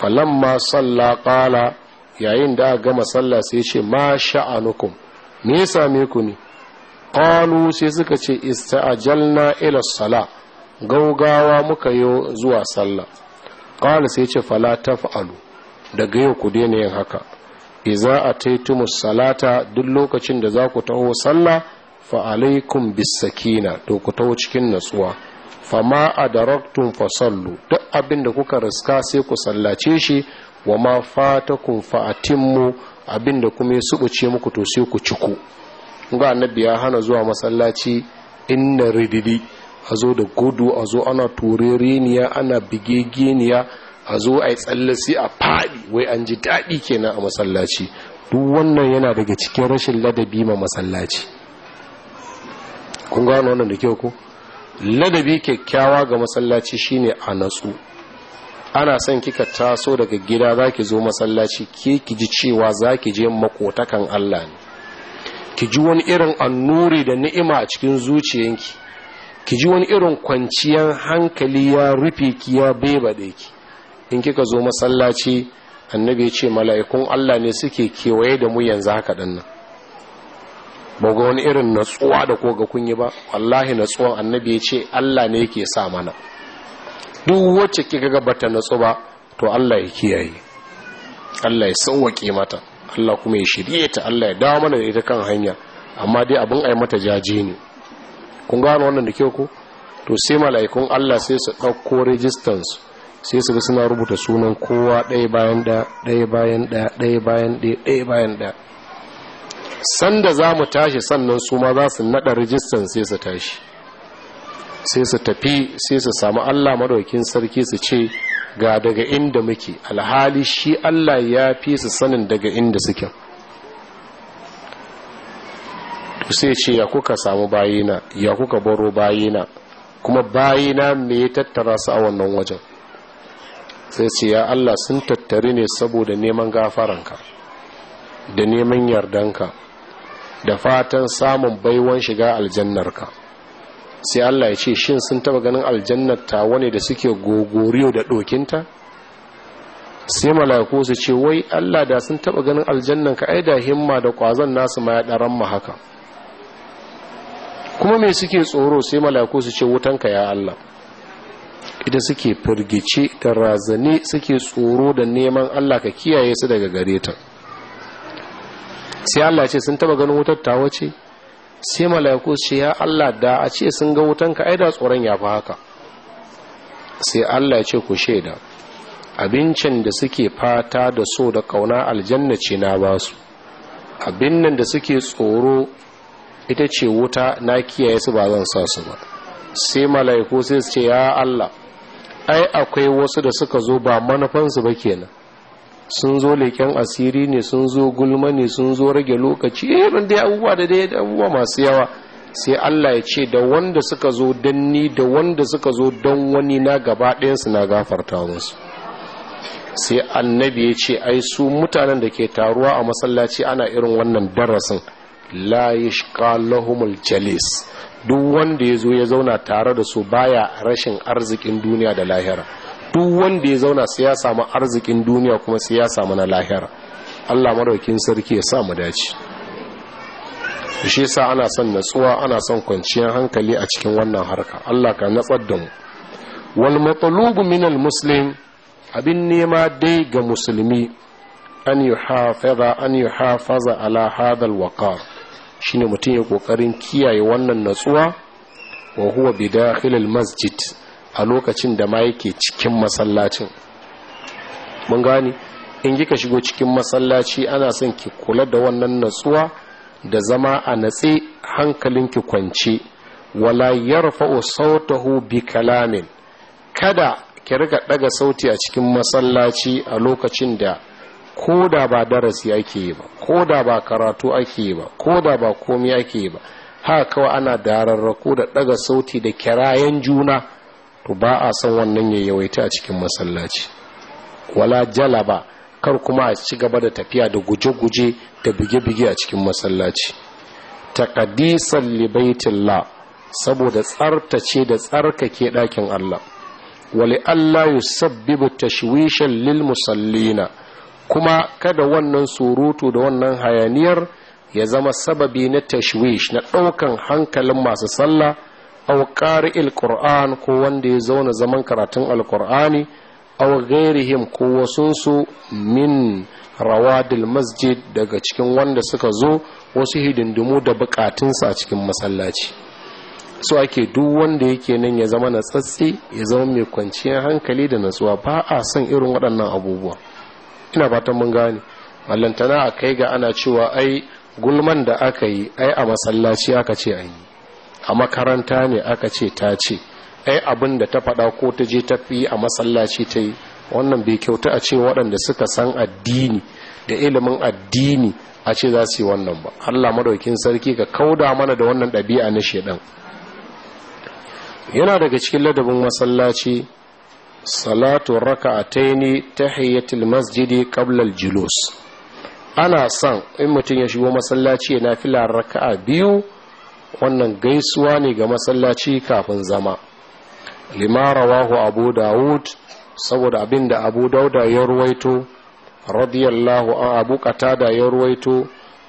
falamma salla qala yayin da a gama sallah sai ce ma sha'anukum me ya same ku ne qalu sai suka ce ista'ajalna ila sala gaugawa muka yo zuwa sallah kala sai ce fala ta fa'alu daga yau ku daina yin haka iza ataitumus salata duk lokacin da za ku taho sallah fa alaikum bisakina to ku taho cikin natsuwa fama adaraktum fasallu duk abin da kuka riska sai ku sallace shi wa ma fata kun fa’atinmu abin da kuma ya subuce muku to sai ku ciku ya hana zuwa masallaci inna rididi a zo da gudu a zo ana turereniya ana bigegeniya a zo a yi tsallasi a faɗi wai an ji daɗi kenan a masallaci duk wannan yana daga cikin rashin ladabi ma masallaci kun gano wannan da kyau ko ladabi kyakkyawa ga masallaci shine a natsu ana son kika taso daga gida za ki zo masallaci ke ki ji cewa za ki je makotakan Allah ne ki ji wani irin annuri da ni'ima a cikin zuciyanki ki ji wani irin kwanciyar hankali ya rufe ki ya da ki in kika zo masallaci annabi ya ce mala'ikun Allah ne suke kewaye da mu yanzu haka dinnan ba ga wani irin natsuwa da ko ga kunyi ba wallahi natsuwan annabi ya ce Allah ne yake sa mana duk wacce kika ga bata natsu ba to Allah ya kiyaye Allah ya sauwaƙe mata Allah kuma ya shirye ta Allah ya dawo mana da ita kan hanya amma dai abin ai mata jaje ne kun gano wannan da kyau ko to sai mala'ikun Allah sai su ɗauko rijistansu sai su ga suna rubuta sunan kowa ɗaya bayan da ɗaya bayan da ɗaya bayan da ɗaya bayan da sanda za mu tashi sannan su ma za su naɗa rijistan sai su tashi sai su tafi sai su samu Allah madaukin sarki su ce ga daga inda muke alhali shi Allah ya fi su sanin daga inda suke to sai ce ya kuka samu bayina ya kuka baro bayina kuma bayina me ya tattara su a wannan wajen sai ce ya Allah sun tattari ne saboda neman gafaranka da neman yardanka da fatan samun baiwan shiga aljannarka sai Allah ya ce shin sun taba ganin aljannar ta wani da suke gogoriyo da ɗokinta sai mala'iku su ce wai Allah da sun taba ganin aljannar ka ai da himma da kwazon nasu ma ya daran mu haka kuma me suke tsoro sai malaku su ce wutanka ya Allah ita suke firgice da razane suke tsoro da neman Allah ka kiyaye su daga gare ta sai Allah ce sun taba ganin wutar tawa ce sai malaku ce ya Allah da a ce sun ga wutanka ai da tsoron ya fi haka sai Allah ya ce ku shaida abincin da suke fata da so da kauna aljanna ce na basu abin nan da suke tsoro ita ce wuta na kiyaye su ba zan sa su ba sai mala'iku sai su ce ya Allah ai akwai wasu da suka zo ba manufansu ba kenan sun zo leken asiri ne sun zo gulma ne sun zo rage lokaci ban eh, dai abubuwa da dai abubuwa masu yawa sai Allah ya ce da wanda suka zo don ni da wanda suka zo don wani na gaba su na gafarta musu sai annabi ya ce ai su mutanen da ke taruwa a masallaci ana irin wannan darasin la yashqa lahumul jalis duk wanda ya zo ya zauna tare da su baya rashin arzikin duniya da lahira duk wanda ya zauna sai ya samu arzikin duniya kuma sai ya samu na lahira Allah maraukin sarki ya sa mu dace shi yasa ana son natsuwa ana son kwanciyar hankali a cikin wannan harka Allah ka natsar da mu wal matlubu minal muslim abin nema dai ga musulmi an yuhafaza an yuhafaza ala hadal waqar shine mutum ya kokarin kiyaye wannan natsuwa wa huwa bi dakhilil masjid a lokacin da ma yake cikin masallacin mun gani in kika shigo cikin masallaci ana son ki kula da wannan natsuwa da zama a natse hankalinki kwance wala yarfa'u sautahu bi kalamin kada ki riga daga sauti a cikin masallaci a lokacin da ko da ba darasi ake yi ba ko da ba karatu ake yi ba ko da ba komi ake yi ba haka kawai ana dararrako da daga sauti da kirayen juna to ba a san wannan ya yawaita a cikin masallaci wala jala ba kar kuma a ci gaba da tafiya da guje-guje da bige-bige a cikin masallaci kadisar libaitin la saboda tsartace da tsarkake dakin Allah wali Allah yusabbibu tashwishan lil musallina kuma kada wannan surutu da wannan hayaniyar ya zama sababi na tashwish na ɗaukan hankalin masu sallah aw qari'il qur'an ko wanda ya zauna zaman karatun alqur'ani aw ghairihim ko wasunsu min rawadil masjid daga cikin wanda suka zo wasu hidindimu da buƙatunsa a cikin masallaci so ake duk wanda yake nan ya zama na tsatsi ya zama mai kwanciyar hankali da natsuwa ba a son irin waɗannan abubuwa ina fatan mun gane mallantana a kai ga ana cewa ai gulman da aka yi ai a masallaci aka ce yi a makaranta ne aka ce ta ce ai abin da ta faɗa ko ta je ta fi a masallaci ta yi wannan bai kyauta a ce waɗanda suka san addini da ilimin addini a ce za su yi wannan ba allah madaukin sarki ka kauda mana da wannan ɗabi'a na shaidan yana daga cikin ladabin masallaci salatu ta tahiyatul masjidi ƙablar julus ana son in mutum ya shigo masallaci ya nafila a biyu wannan gaisuwa ne ga masallaci kafin zama limarawahu abu dawud saboda abin da abu dauda ya ruwaito radiyallahu an abu qatada ya ruwaito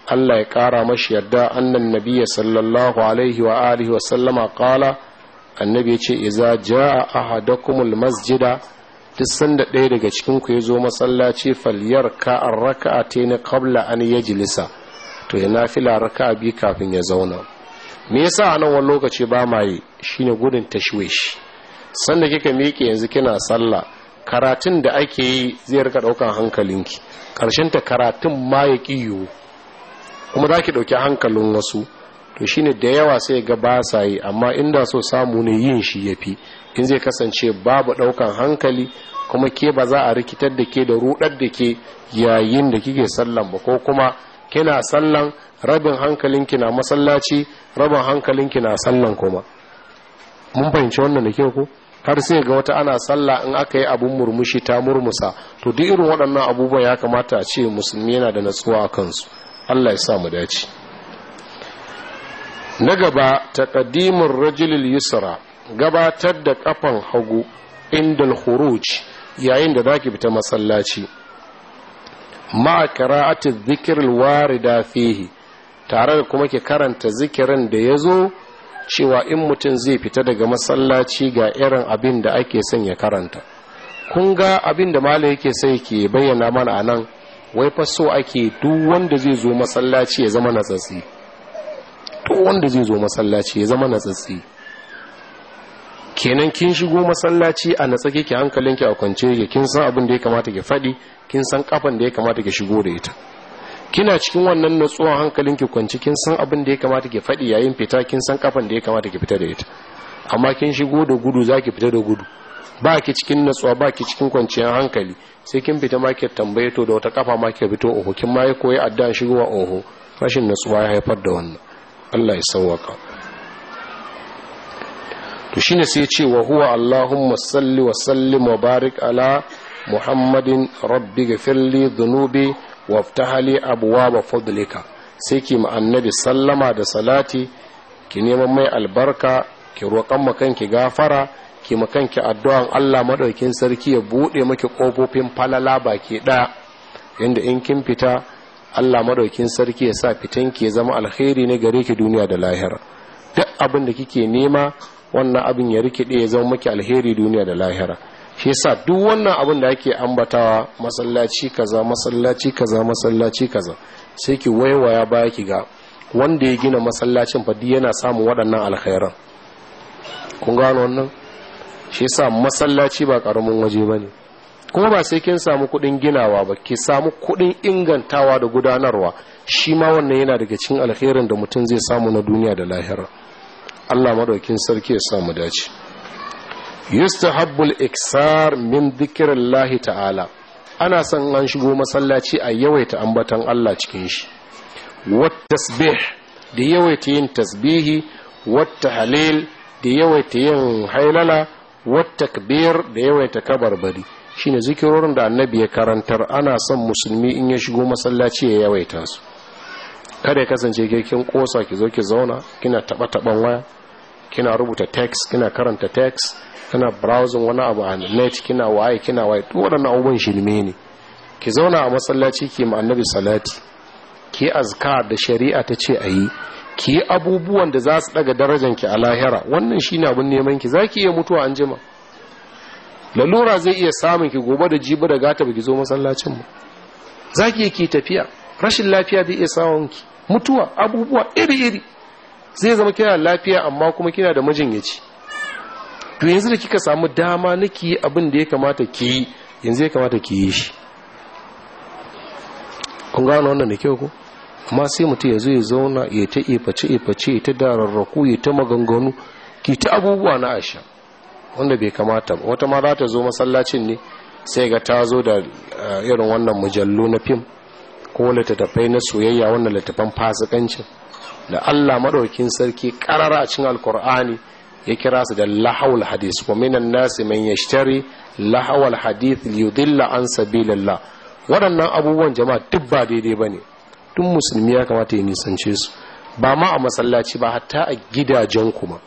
Allah ya kara mashi yadda annan nabiyya sallallahu alaihi wa alihi wa sallama qala annabi ya ce iza ja'a ahadakumul masjida duk sanda ɗaya daga cikin ku ya zo masallaci falyar ka an raka'a ta kabla an yajlisa to ya nafila raka'a bi kafin ya zauna me yasa a nan wani lokaci ba ma yi shine gudun tashwish sanda kika miƙe yanzu kina sallah karatun da ake yi zai rika ɗaukan hankalinki karshen ta karatun ma ya kiyo kuma za ki ɗauki hankalin wasu to shine da yawa sai ga ba sa yi amma inda so samu ne yin shi yafi in zai kasance babu daukan hankali kuma ke ba za a rikitar da ke da rudar da ke yayin da kike sallan ba ko kuma kina sallan rabin hankalinki na masallaci rabin hankalinki na sallan kuma mun fahimci wannan da ke ko har sai ga wata ana sallah in aka yi abun murmushi ta murmusa to duk irin waɗannan abubuwa ya kamata a ce musulmi yana da natsuwa a kansu allah ya sa mu dace na gaba taqdimur rajulil yusra gabatar da ƙafan hagu indal khuruj yayin da zaki fita masallaci ma qira'ati dhikr al-warida fihi tare da kuma ke karanta zikirin da yazo cewa in mutum zai fita daga masallaci ga irin abin da ake son ya karanta kun ga abin da malai yake sai ke bayyana mana anan wai fa so ake duk wanda zai zo masallaci ya zama natsatsi duk wanda zai zo masallaci ya zama natsatsi kenan kin shigo masallaci a natsa kike hankalinki a kwance yake kin san abin da ya kamata ki fadi kin san kafan da ya kamata ki shigo da ita kina cikin wannan natsuwan hankalinki kwance kin san abin da ya kamata ki fadi yayin fita kin san kafan da ya kamata ki fita da ita amma kin shigo da gudu zaki fita da gudu ba ki cikin natsuwa ba ki cikin kwanciyar hankali sai kin fita ma ki tambaye to da wata kafa ma ki fito oho kin ma ya koyi addan shigowa oho rashin natsuwa ya haifar da wannan Allah ya sauwaka to ne sai ce wa huwa Allahumma salli wa salli wa ala Muhammadin rabbi ghafirli hali waftahali ba fadlika sai ki ma annabi sallama da salati ki neman mai albarka ki roƙan makanki gafara ki makanki addu'an Allah madaukin sarki ya buɗe maki ƙofofin falala baki ɗaya inda in kin fita Allah madaukin sarki ya sa fitan ki ya zama alkhairi ne gare ki duniya da lahira duk abin da kike nema wannan abin ya rikide ya zama maki alheri duniya da lahira shi yasa duk wannan abin da ake ambatawa masallaci kaza masallaci kaza masallaci kaza sai ki waiwaya baya ki ga wanda ya gina masallacin fa yana samu waɗannan alkhairan kun gano wannan shi yasa masallaci ba karamin waje bane kuma ba sai kin samu kuɗin ginawa ba ki samu kuɗin ingantawa da gudanarwa shi ma wannan yana daga cikin alherin da mutum zai samu na duniya da lahira Allah madaukin sarki ya samu dace yustahabbul iksar min dhikrillahi ta'ala ana son an shigo masallaci a yawaita ambatan Allah cikin shi wat tasbih da yawaita yin tasbihi wat tahlil da yawaita yin hailala wat da yawaita kabarbari shine zikirorin da annabi ya karantar ana son musulmi in ya shigo masallaci ya yawaita su kada ya kasance ke kin kosa ki zo ki zauna kina taba taban waya kina rubuta text kina karanta text kina browsing wani abu a net kina waye kina waye duk waɗannan abubuwan shirme ne ki zauna a masallaci ki ma annabi salati ki azka da shari'a ta ce ayi ki abubuwan da za su daga darajanki a lahira wannan shine abun neman ki zaki iya mutuwa anjima jima lalura zai iya samun ki gobe da jibi da gata baki zo masallacin mu zaki yake tafiya rashin lafiya zai iya samun ki mutuwa abubuwa iri iri zai zama kina lafiya amma kuma kina da majinyaci to yanzu da kika samu dama niki abin da ya kamata ki yi yanzu ya kamata ki yi shi kun gano wannan da kyau ko amma sai mutum ya zo ya zauna ya ta ifaci ifaci ya ta dararraku ya ta maganganu ki ta abubuwa na asha wanda bai kamata ba wata ma za ta zo masallacin ne sai ga ta zo da eh, irin wannan mujallu na fim ko littattafai na soyayya wannan littattafan fasikanci da Allah maɗaukin sarki karara a cikin alkur'ani ya kira su da lahawul hadith wa minan nasi man yashtari lahawul hadith liyudilla an sabilillah waɗannan abubuwan jama'a duk ba daidai ba ne tun musulmi ya kamata ya nisance su ba ma a masallaci ba hatta a gidajen kuma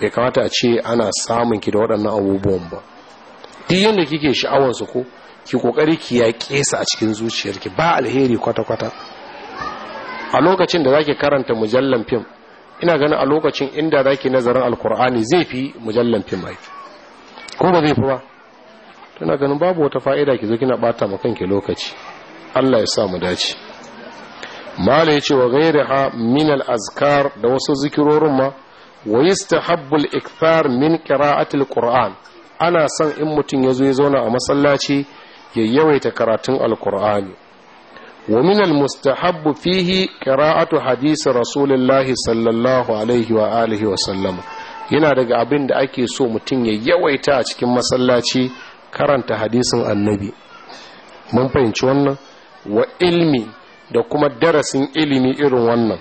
ya kamata a ce ana samun ki da waɗannan abubuwan ba duk yadda kike sha'awar su ko ki kokari ki ya kesa a cikin zuciyarki ba alheri kwata-kwata a lokacin da zaki karanta mujallan fim ina ganin a lokacin inda zaki nazarin alkur'ani zai fi mujallan fim ai ko ba zai fi ba tana ganin babu wata fa'ida ki zo kina bata ma kanki lokaci Allah ya sa mu dace mala yace wa ghayriha min al-azkar da wasu zikirorin ma wa yastahabbu ikthar min qira'ati al-qur'an ana son in mutum ya zo ya zauna a masallaci ya yawaita karatun al-qur'ani wa min al fihi qira'atu hadisi rasulillahi sallallahu alaihi wa alihi wa sallam yana daga abin da ake so mutum ya yawaita a cikin masallaci karanta hadisin annabi mun fahimci wannan wa ilmi da kuma darasin ilimi irin wannan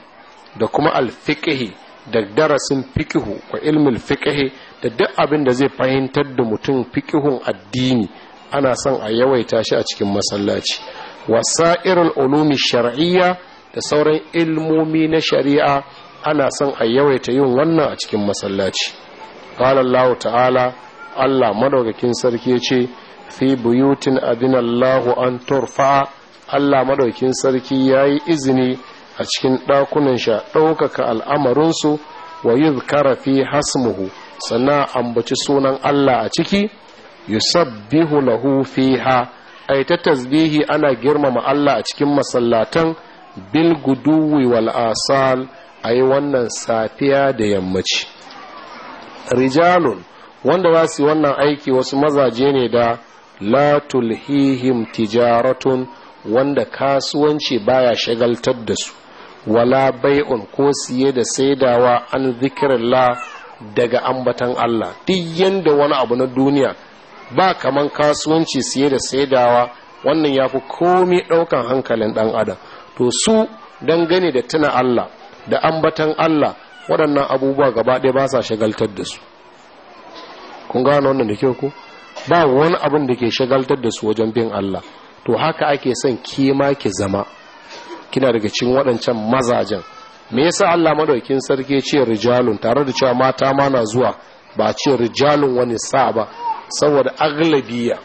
da kuma alfiƙihi da darasin fikihu ko ilmin fikihi da duk abin da zai fahimtar da mutum fikihun addini ana son a yawaita shi a cikin masallaci wasa'irul ulumi shar'iyya da sauran ilmomi na shari'a ana son a yawaita yin wannan a cikin masallaci qala Allah ta'ala Allah madaukakin sarki yace fi buyutin adinallahu an turfa Allah madaukakin sarki yayi izini a cikin ɗakunan sha ɗaukaka al'amarinsu wa yi fi hasmuhu sannan ambaci sunan Allah a ciki yusabbihu lahu fiha ai ta tasbihi ana girmama Allah a cikin masallatan bil guduwi wal asal yi wannan safiya da yammaci rijalun wanda za su yi wannan aiki wasu mazaje ne da la tulhihim tijaratun wanda kasuwanci baya shagaltar da su wala bai'un ko siye da saidawa an zikirillah daga ambatan Allah duk yanda wani abu na duniya ba kaman kasuwanci siye da saidawa wannan ya fi komi ɗaukan hankalin ɗan adam to su dangane da tuna Allah da ambatan Allah waɗannan abubuwa gaba ɗaya ba sa shagaltar da su kun gano wannan da kyau ko ba wani abin da ke shagaltar da su wajen bin Allah to haka ake son kema ki zama kina daga cikin waɗancan mazajen me yasa Allah maɗaukin sarki ce rijalun tare da cewa mata ma na zuwa ba ce rijalun wani sa ba saboda aglabiya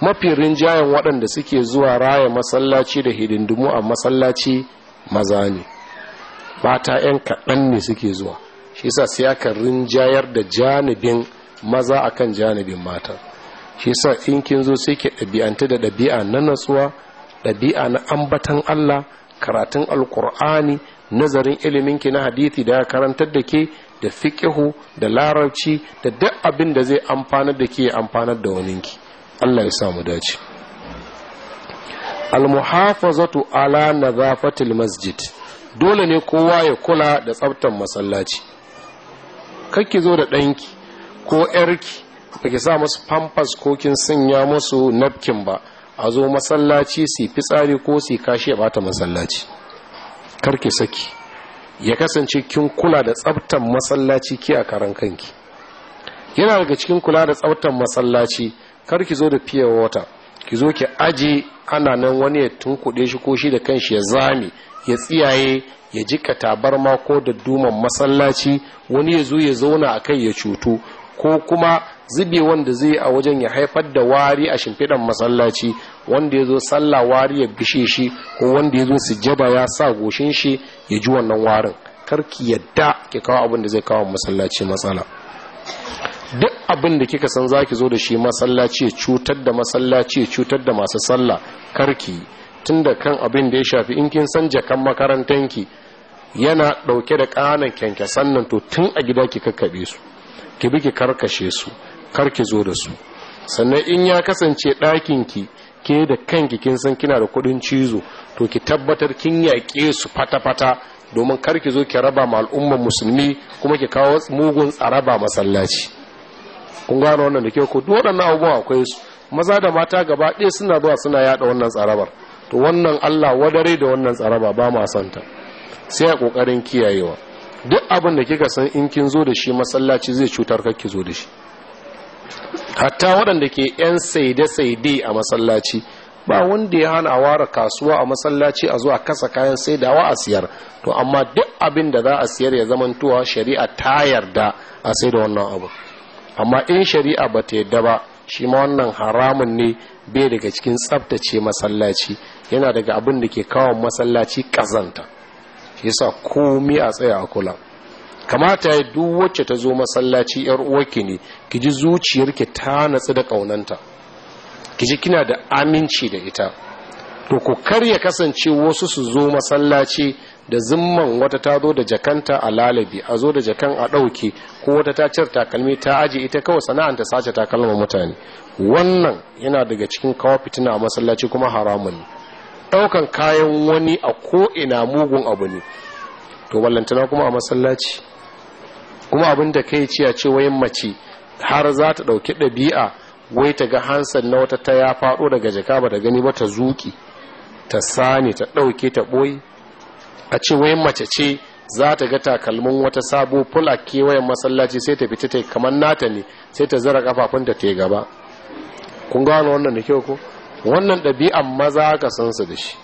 mafi rinjayen waɗanda suke zuwa raya masallaci da hidindimu a masallaci maza ne mata 'yan kaɗan ne suke zuwa shi yasa sai aka rinjayar da janibin maza akan janibin mata shi yasa in kin zo sai ke ɗabi'anta da ɗabi'a na natsuwa ɗabi'a na ambatan Allah karatun alkur'ani nazarin iliminki na hadithi da ya karantar da ke da fiƙihu da larabci da duk abin da zai amfanar da ke amfanar da waninki Allah ya samu dace almuhafazatu ala nazafatil masjid dole ne kowa ya kula da tsaftar masallaci kakki zo da ɗanki ko 'yarki ba ki sa musu pampers ko kin sanya musu napkin ba a zo masallaci su fitsari ko su kashi ya bata masallaci karki saki ya kasance kin kula da tsaftan masallaci ki a karan kanki yana daga cikin kula da tsaftan masallaci kar ki zo da fiye wata ki zo ki aji ana nan wani ya tunkuɗe shi ko shi da kanshi ya zame ya tsiyaye ya jika tabarma ko da duman masallaci wani ya zo ya zauna a kai ya cutu ko kuma zube wanda zai a wajen ya haifar da wari a shimfiɗan masallaci wanda ya zo sallah wari ya bishe shi ko wanda ya zo sujjaba ya sa goshin shi ya ji wannan warin karki yadda ki kawo abin da zai kawo masallaci matsala duk abinda kika san zaki zo da shi masallaci ya cutar da masallaci ya cutar da masu sallah karki tunda kan abin da ya shafi in kin san jakan makarantanki yana dauke da ƙananan kyankyasan nan to tun a gida ki kakkabe su ki bi ki karkashe su kar ki zo da su sannan in ya kasance ɗakin ki ke da kanki kin san kina da kuɗin cizo to ki tabbatar kin yaƙe su fata-fata domin kar ki zo ki raba ma al'ummar musulmi kuma ki kawo mugun tsaraba masallaci kun gano wannan da ke ko duk waɗannan abubuwa akwai su maza da mata gaba ɗaya suna zuwa suna yaɗa wannan tsarabar to wannan Allah wadare da wannan tsaraba ba ma santa sai a ƙoƙarin kiyayewa duk abin da kika san in kin zo da shi masallaci zai cutar kakki zo da shi hatta waɗanda ke 'yan saide-saide a masallaci ba wanda ya hana ware kasuwa a masallaci a zuwa kasa kayan saidawa a siyar to amma duk abin da za a siyar ya tuwa shari'a ta yarda a sai da wannan abu amma in shari'a ba ta yadda ba shi ma wannan haramun ne bai daga cikin tsabtace masallaci yana daga abin da ke kawo masallaci kazanta yasa komai a tsaya a kula kamata ya duk wacce ta zo masallaci yar uwarki ne ki ji zuciyarki ta natsu da kaunanta ki ji kina da aminci da ita to ku kar ya kasance wasu su zo masallaci da zimman wata ta zo da jakanta a lalabi a zo da jakan a ɗauke ko wata ta cire takalmi ta aje ita kawai sana'anta sace takalma mutane wannan yana daga cikin kawo fitina a masallaci kuma haramun ɗaukan kayan wani a ko'ina mugun abu ne to ballantana kuma a masallaci kuma abin da kai ce a ce wayan mace har za ta ɗauki ɗabi'a wai ta ga hansan na wata ta ya faɗo daga jaka ba da gani ba ta zuki ta sani ta ɗauke ta ɓoye a ce wayan mace ce za ta ga takalmin wata sabo fula kewayen masallaci sai ta fita ta kamar nata ne sai ta zara kafafunta ta yi gaba kun gano wannan da kyau ko wannan ɗabi'an maza ka san su da shi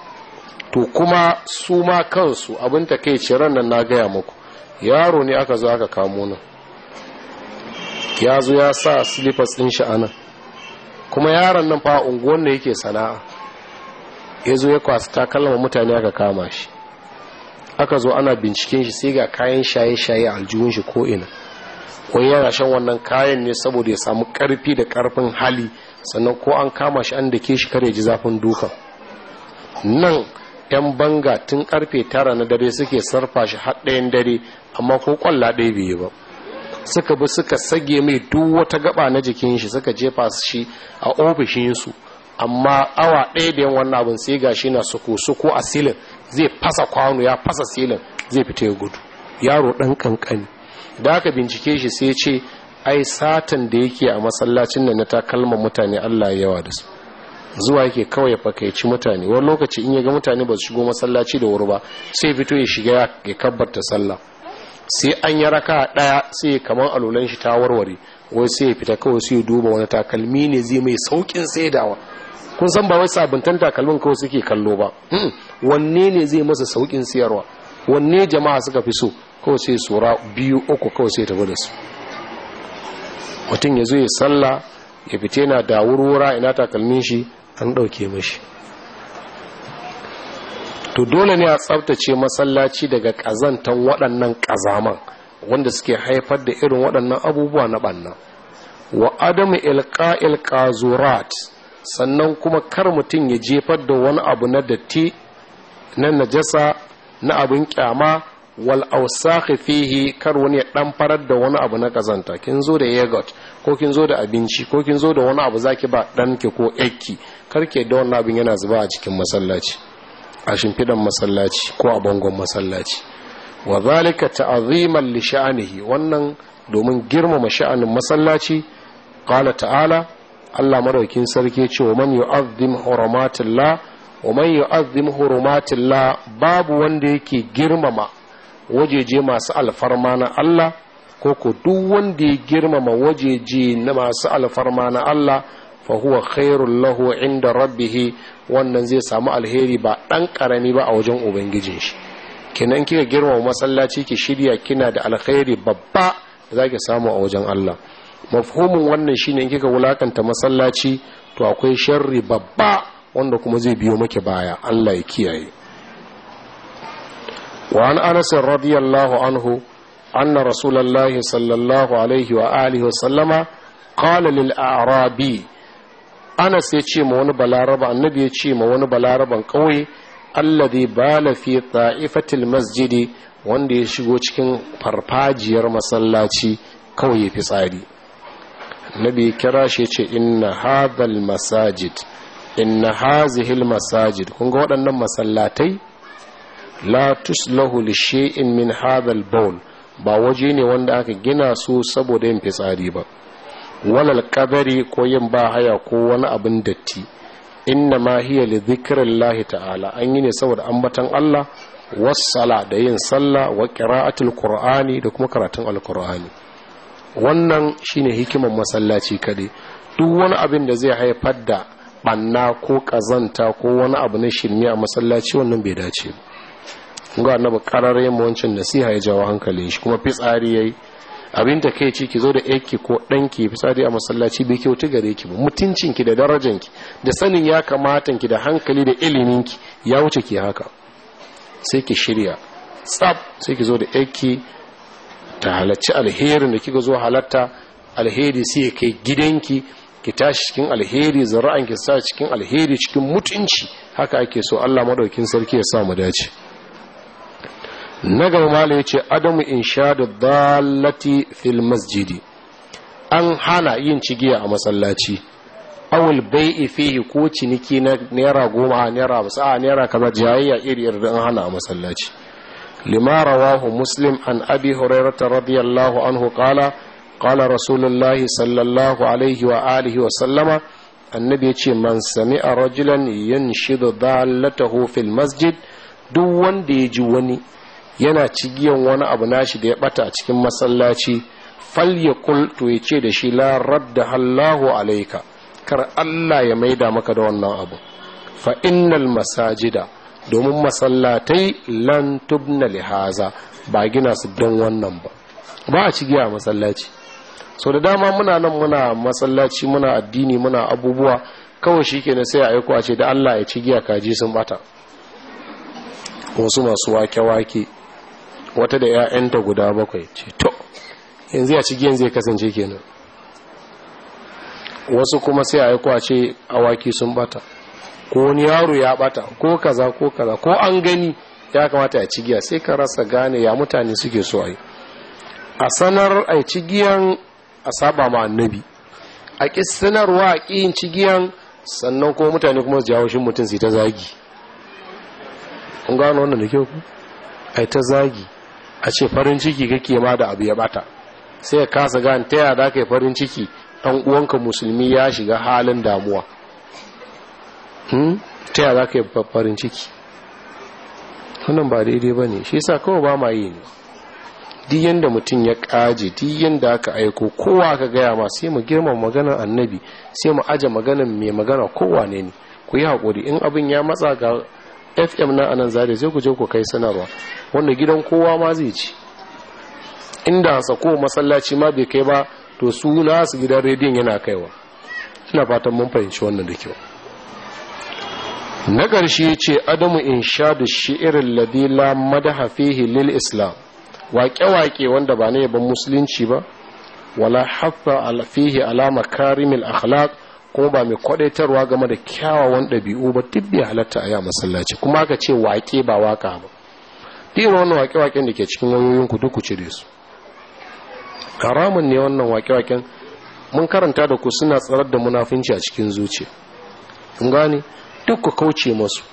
to kuma su ma kansu abin ta kai ce nan na gaya muku yaro ne aka zo aka kamo nan ya zo ya sa silifas ɗin shi anan kuma yaron nan fa unguwan da yake sana'a ya zo ya kwasa takalma mutane aka kama shi aka zo ana binciken shi sai ga kayan shaye-shaye a aljihun shi ko ina wani yana shan wannan kayan ne saboda ya samu karfi da karfin hali sannan ko an kama shi an dake shi kare ji zafin dukan nan yan banga tun karfe tara na dare suke sarfa shi har ɗayan dare amma ko kwalla ɗaya biyu ba suka bi suka sage mai duk wata gaba na jikin shi suka jefa shi a ofishinsu amma awa ɗaya da yan wannan abin sai ga shi na suko-suko a silin zai fasa kwano ya fasa silin zai fita ya gudu yaro ɗan kankani da aka bincike shi sai ce ai satan da yake a masallacin nan na takalman mutane Allah yawa da su zuwa yake kawai ya fakaici mutane wani lokaci in ya ga mutane ba su shigo masallaci da wuri ba sai fito ya shiga ya kabbarta sallah sai an yi raka daya sai kamar alulan shi ta warware wai sai ya fita kawai sai ya duba wani takalmi ne zai mai saukin saidawa kun san ba wai sabuntan takalmin kawai suke kallo ba hmm, wanne ne zai masa saukin siyarwa wanne jama'a suka fi so kawai sai sura biyu uku kawai sai tafi da su mutum ya zo ya salla ya fita yana da wurwura ina takalmin shi an ɗauke mashi to dole ne a tsabtace masallaci daga ƙazantan waɗannan ƙazaman wanda suke haifar da irin waɗannan abubuwa na ɓanna wa adamu ilka-ilka zurat sannan kuma kar mutum ya jefar da wani abu na datti na najasa na abin kyama wal awsakh fihi kar wani ya dan farar da wani abu na kazanta kin zo da yogurt ko kin zo da abinci ko kin zo da wani abu zaki ba dan ki ko yakki kar ki da wannan abin yana zuba a cikin masallaci a shimfidan masallaci ko a bangon masallaci wa zalika ta'ziman li sha'nihi wannan domin girmama sha'anin masallaci qala ta'ala Allah madaukin sarki ce wa man yu'azzim hurumatillah wa man yu'azzim hurumatillah babu wanda yake girmama wajeje masu alfarma na Allah ko ko duk wanda ya girmama wajeje na masu alfarma na Allah fa huwa khairul lahu inda rabbih wannan zai samu alheri ba dan karami ba a wajen ubangijin shi kenan kika girmama masallaci ki shirya kina da alkhairi babba zaki samu a wajen Allah mafhumin wannan shine in kika wulakanta masallaci to akwai sharri babba wanda kuma zai biyo maki baya Allah ya kiyaye وعن أنس رضي الله عنه أن رسول الله صلى الله عليه وآله وسلم قال للأعرابي أنس يتشي مون بلاربا النبي يتشي مون قوي الذي بال في طائفة المسجد wanda ya shigo cikin farfajiyar masallaci kawai ya fi tsari nabi kira shi ce inna hadhal masajid inna hazihil masajid kun ga waɗannan masallatai la tuslahu li shay'in min hadhal bawl ba waje ne wanda aka gina su saboda yin fitsari ba walal kabari ko yin ba haya ko wani abin datti inna ma hiya li dhikrillahi ta'ala an yi ne saboda ambatan Allah wassala da yin sallah wa qira'atul qur'ani da kuma karatun alqur'ani wannan shine hikimar masallaci kade duk wani abin da zai haifar da banna ko kazanta ko wani abu na shirme a masallaci wannan bai dace ba ga na karar yin wancan nasiha ya jawo hankalin shi kuma fitsari yayi abin da kai ce ki zo da ɗanki ko danki fitsari a masallaci bai kyautu gare ki ba mutuncin ki da darajan ki da sanin ya kamata ki da hankali da ilimin ki ya wuce ki haka sai ki shirya tsab sai ki zo da ɗanki ta halarci alherin da kika zo halatta alheri sai ya kai gidanki ki tashi cikin alheri zara'an ki sa cikin alheri cikin mutunci haka ake so Allah madaukin sarki ya sa mu dace na gaba mala ya ce adamu in sha da dalati fil masjidi an hana yin cigiya a masallaci awul bai fihi ko ciniki na naira goma naira basa'a naira kaza jayayya iri irin da an hana a masallaci lima rawahu muslim an abi hurairata radiyallahu anhu qala qala rasulullahi sallallahu alaihi wa alihi wa sallama annabi yace man sami'a rajulan yanshidu dallatahu fil masjid duk wanda ya ji wani yana cigiyan wani abu nashi da ya bata a cikin masallaci falyakul to ya ce da shi la da Allahu alaika kar Allah ya maida maka da wannan abu fa innal masajida domin masallatai lan tubna lihaza ba gina su don wannan ba ba a cigiya a masallaci so da dama muna nan muna masallaci muna addini muna abubuwa kawai shi ke kenan sai a aiko a ce da Allah ya ci giya kaji sun bata wasu masu wake-wake wata da 'ya'yanta guda bakwai ce to yanzu ya ci giyan zai kasance kenan wasu kuma sai a yi kwace awaki sun bata ko wani yaro ya bata ko kaza ko kaza ko an gani ya kamata a cigiya sai ka rasa gane ya mutane suke so a yi a sanar a cigiyan a saba ma annabi a ƙi sanarwa a cigiyan sannan ko mutane kuma su jawo shi mutum yi ta zagi kun gano wannan da kyau ku ai ta zagi a ce farin ciki kake ma da abu ya bata sai ka kasa gane ta yada kai farin ciki dan uwanka musulmi ya shiga halin damuwa hmm ta yada kai farin ciki wannan ba daidai bane shi yasa kawai ba ma yi ne duk yanda mutum ya kaje duk yanda aka aiko kowa ka gaya ma sai mu girmama maganar annabi sai mu aje maganar mai magana kowa ne ne ku yi haƙuri in abin ya matsa ga fm na anan zare sai ku je ku kai sanarwa wanda gidan kowa ma zai ci inda sako masallaci ma bai kai ba to su nasu gidan rediyon yana kaiwa ina fatan mun fahimci wannan da kyau na ƙarshe ce adamu in sha da shi'irin ladila madaha fihi lil islam waƙe-waƙe wanda ba na yaban musulunci ba wala haffa fihi alama karimil akhlaq kuma ba mai kwadaitarwa game da kyawawan ɗabi'u ba duk bai halatta a yi a masallaci kuma aka ce waƙe ba waƙa ba ɗin wannan waƙe-waƙen da ke cikin wayoyin ku duk ku cire su haramun ne wannan waƙe-waƙen mun karanta da ku suna tsarar da munafunci a cikin zuciya kun gane duk ku kauce masu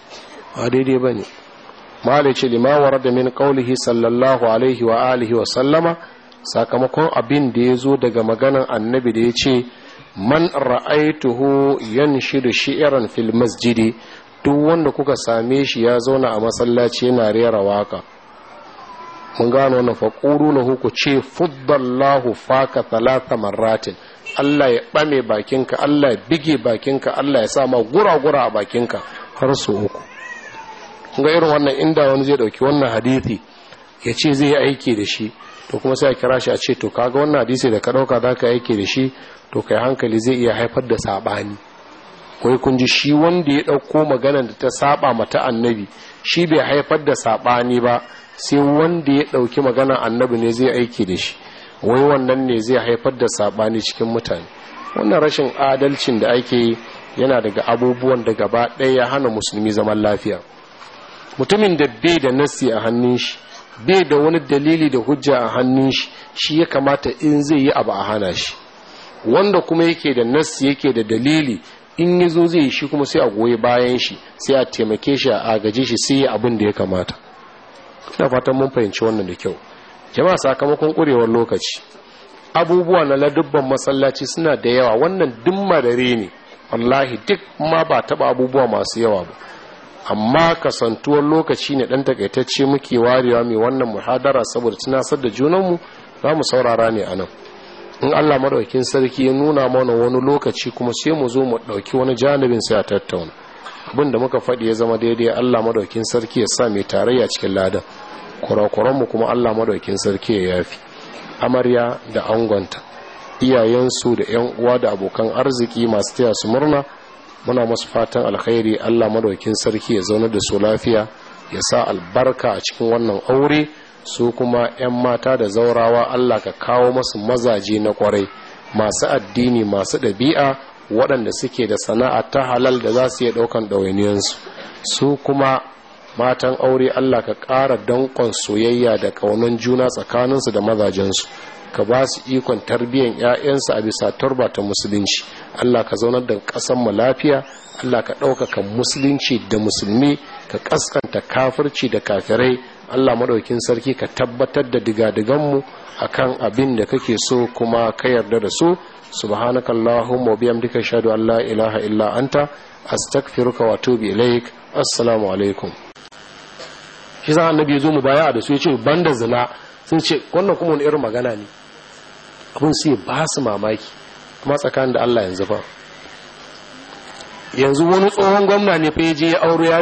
ba daidai ba ne malice limawar da min kaulihi sallallahu alaihi wa alihi wa sallama sakamakon abin da ya zo daga maganan annabi da ya ce man ra'aituhu yanshidu shi'ran fil masjidi duk wanda kuka same shi ya zauna a masallaci yana rera waka mun gano wannan faqulu lahu ku ce fuddallahu faka talata marratin Allah ya bame bakinka Allah ya bige bakinka Allah ya sa ma gura-gura a bakinka har su uku ga irin wannan inda wani zai dauki wannan hadisi ya ce zai yi aiki da shi to kuma sai a kira shi a ce to kaga wannan hadisi da ka dauka za ka aike da shi to kai hankali zai iya haifar da sabani kai kun ji shi wanda ya dauko maganar da ta saba mata annabi shi bai haifar da sabani ba sai wanda ya dauki maganar annabi ne zai aiki da shi wai wannan ne zai haifar da sabani cikin mutane wannan rashin adalcin da ake yi yana daga abubuwan da gaba ɗaya ya hana musulmi zaman lafiya mutumin da bai da nasi a hannun shi bai da wani dalili da hujja a hannun shi shi ya kamata in zai yi abu a hana shi wanda kuma yake da nas yake da dalili in yi zo zai shi kuma sai a goyi bayan shi sai a taimake shi a agaje shi sai yi abin da ya kamata ina fatan mun fahimci wannan da kyau jama'a sakamakon kurewar lokaci abubuwa na ladubban masallaci suna da yawa wannan dimmarare ne wallahi duk ma ba taba abubuwa masu yawa ba amma kasantuwar lokaci ne dan takaitacce muke warewa mai wannan muhadara saboda tunasar da junanmu za mu saurara ne anan in Allah maɗaukin sarki ya nuna mana wani lokaci kuma sai mu zo mu ɗauki wani janibin sai a tattauna abin da muka faɗi ya zama daidai Allah maɗaukin sarki ya sa mai tarayya cikin ladan kurakuran mu kuma Allah maɗaukin sarki ya yafi amarya da angonta iyayensu da yan uwa da abokan arziki masu taya su murna muna masu fatan alkhairi Allah madaukin sarki ya zauna da su lafiya ya sa albarka a cikin wannan aure su kuma 'yan mata da zaurawa Allah ka kawo masu mazaje na kwarai masu addini masu ɗabi'a waɗanda suke da sana'a ta halal da za su iya ɗaukan ɗawainiyansu su kuma matan aure Allah ka ƙara danƙon soyayya da ƙaunan juna tsakaninsu da mazajensu ka ba su ikon tarbiyyar 'ya'yansu a bisa turba ta musulunci Allah ka zaunar da ƙasar mu lafiya Allah ka ɗaukaka musulunci da musulmi ka ƙaskanta kafirci da kafirai Allah maɗaukin sarki ka tabbatar da digadiganmu a kan abin da kake so kuma ka yarda da su subhanakallahumma wa bihamdika ashhadu an la ilaha illa anta astaghfiruka wa atubu ilaik assalamu shi za annabi ya zo mu baya da su ya ce ban zina sun ce wannan kuma wani irin magana ne abin sai ba su mamaki kuma tsakanin da Allah yanzu ba yanzu wani tsohon gwamna ne fa je ya aure ya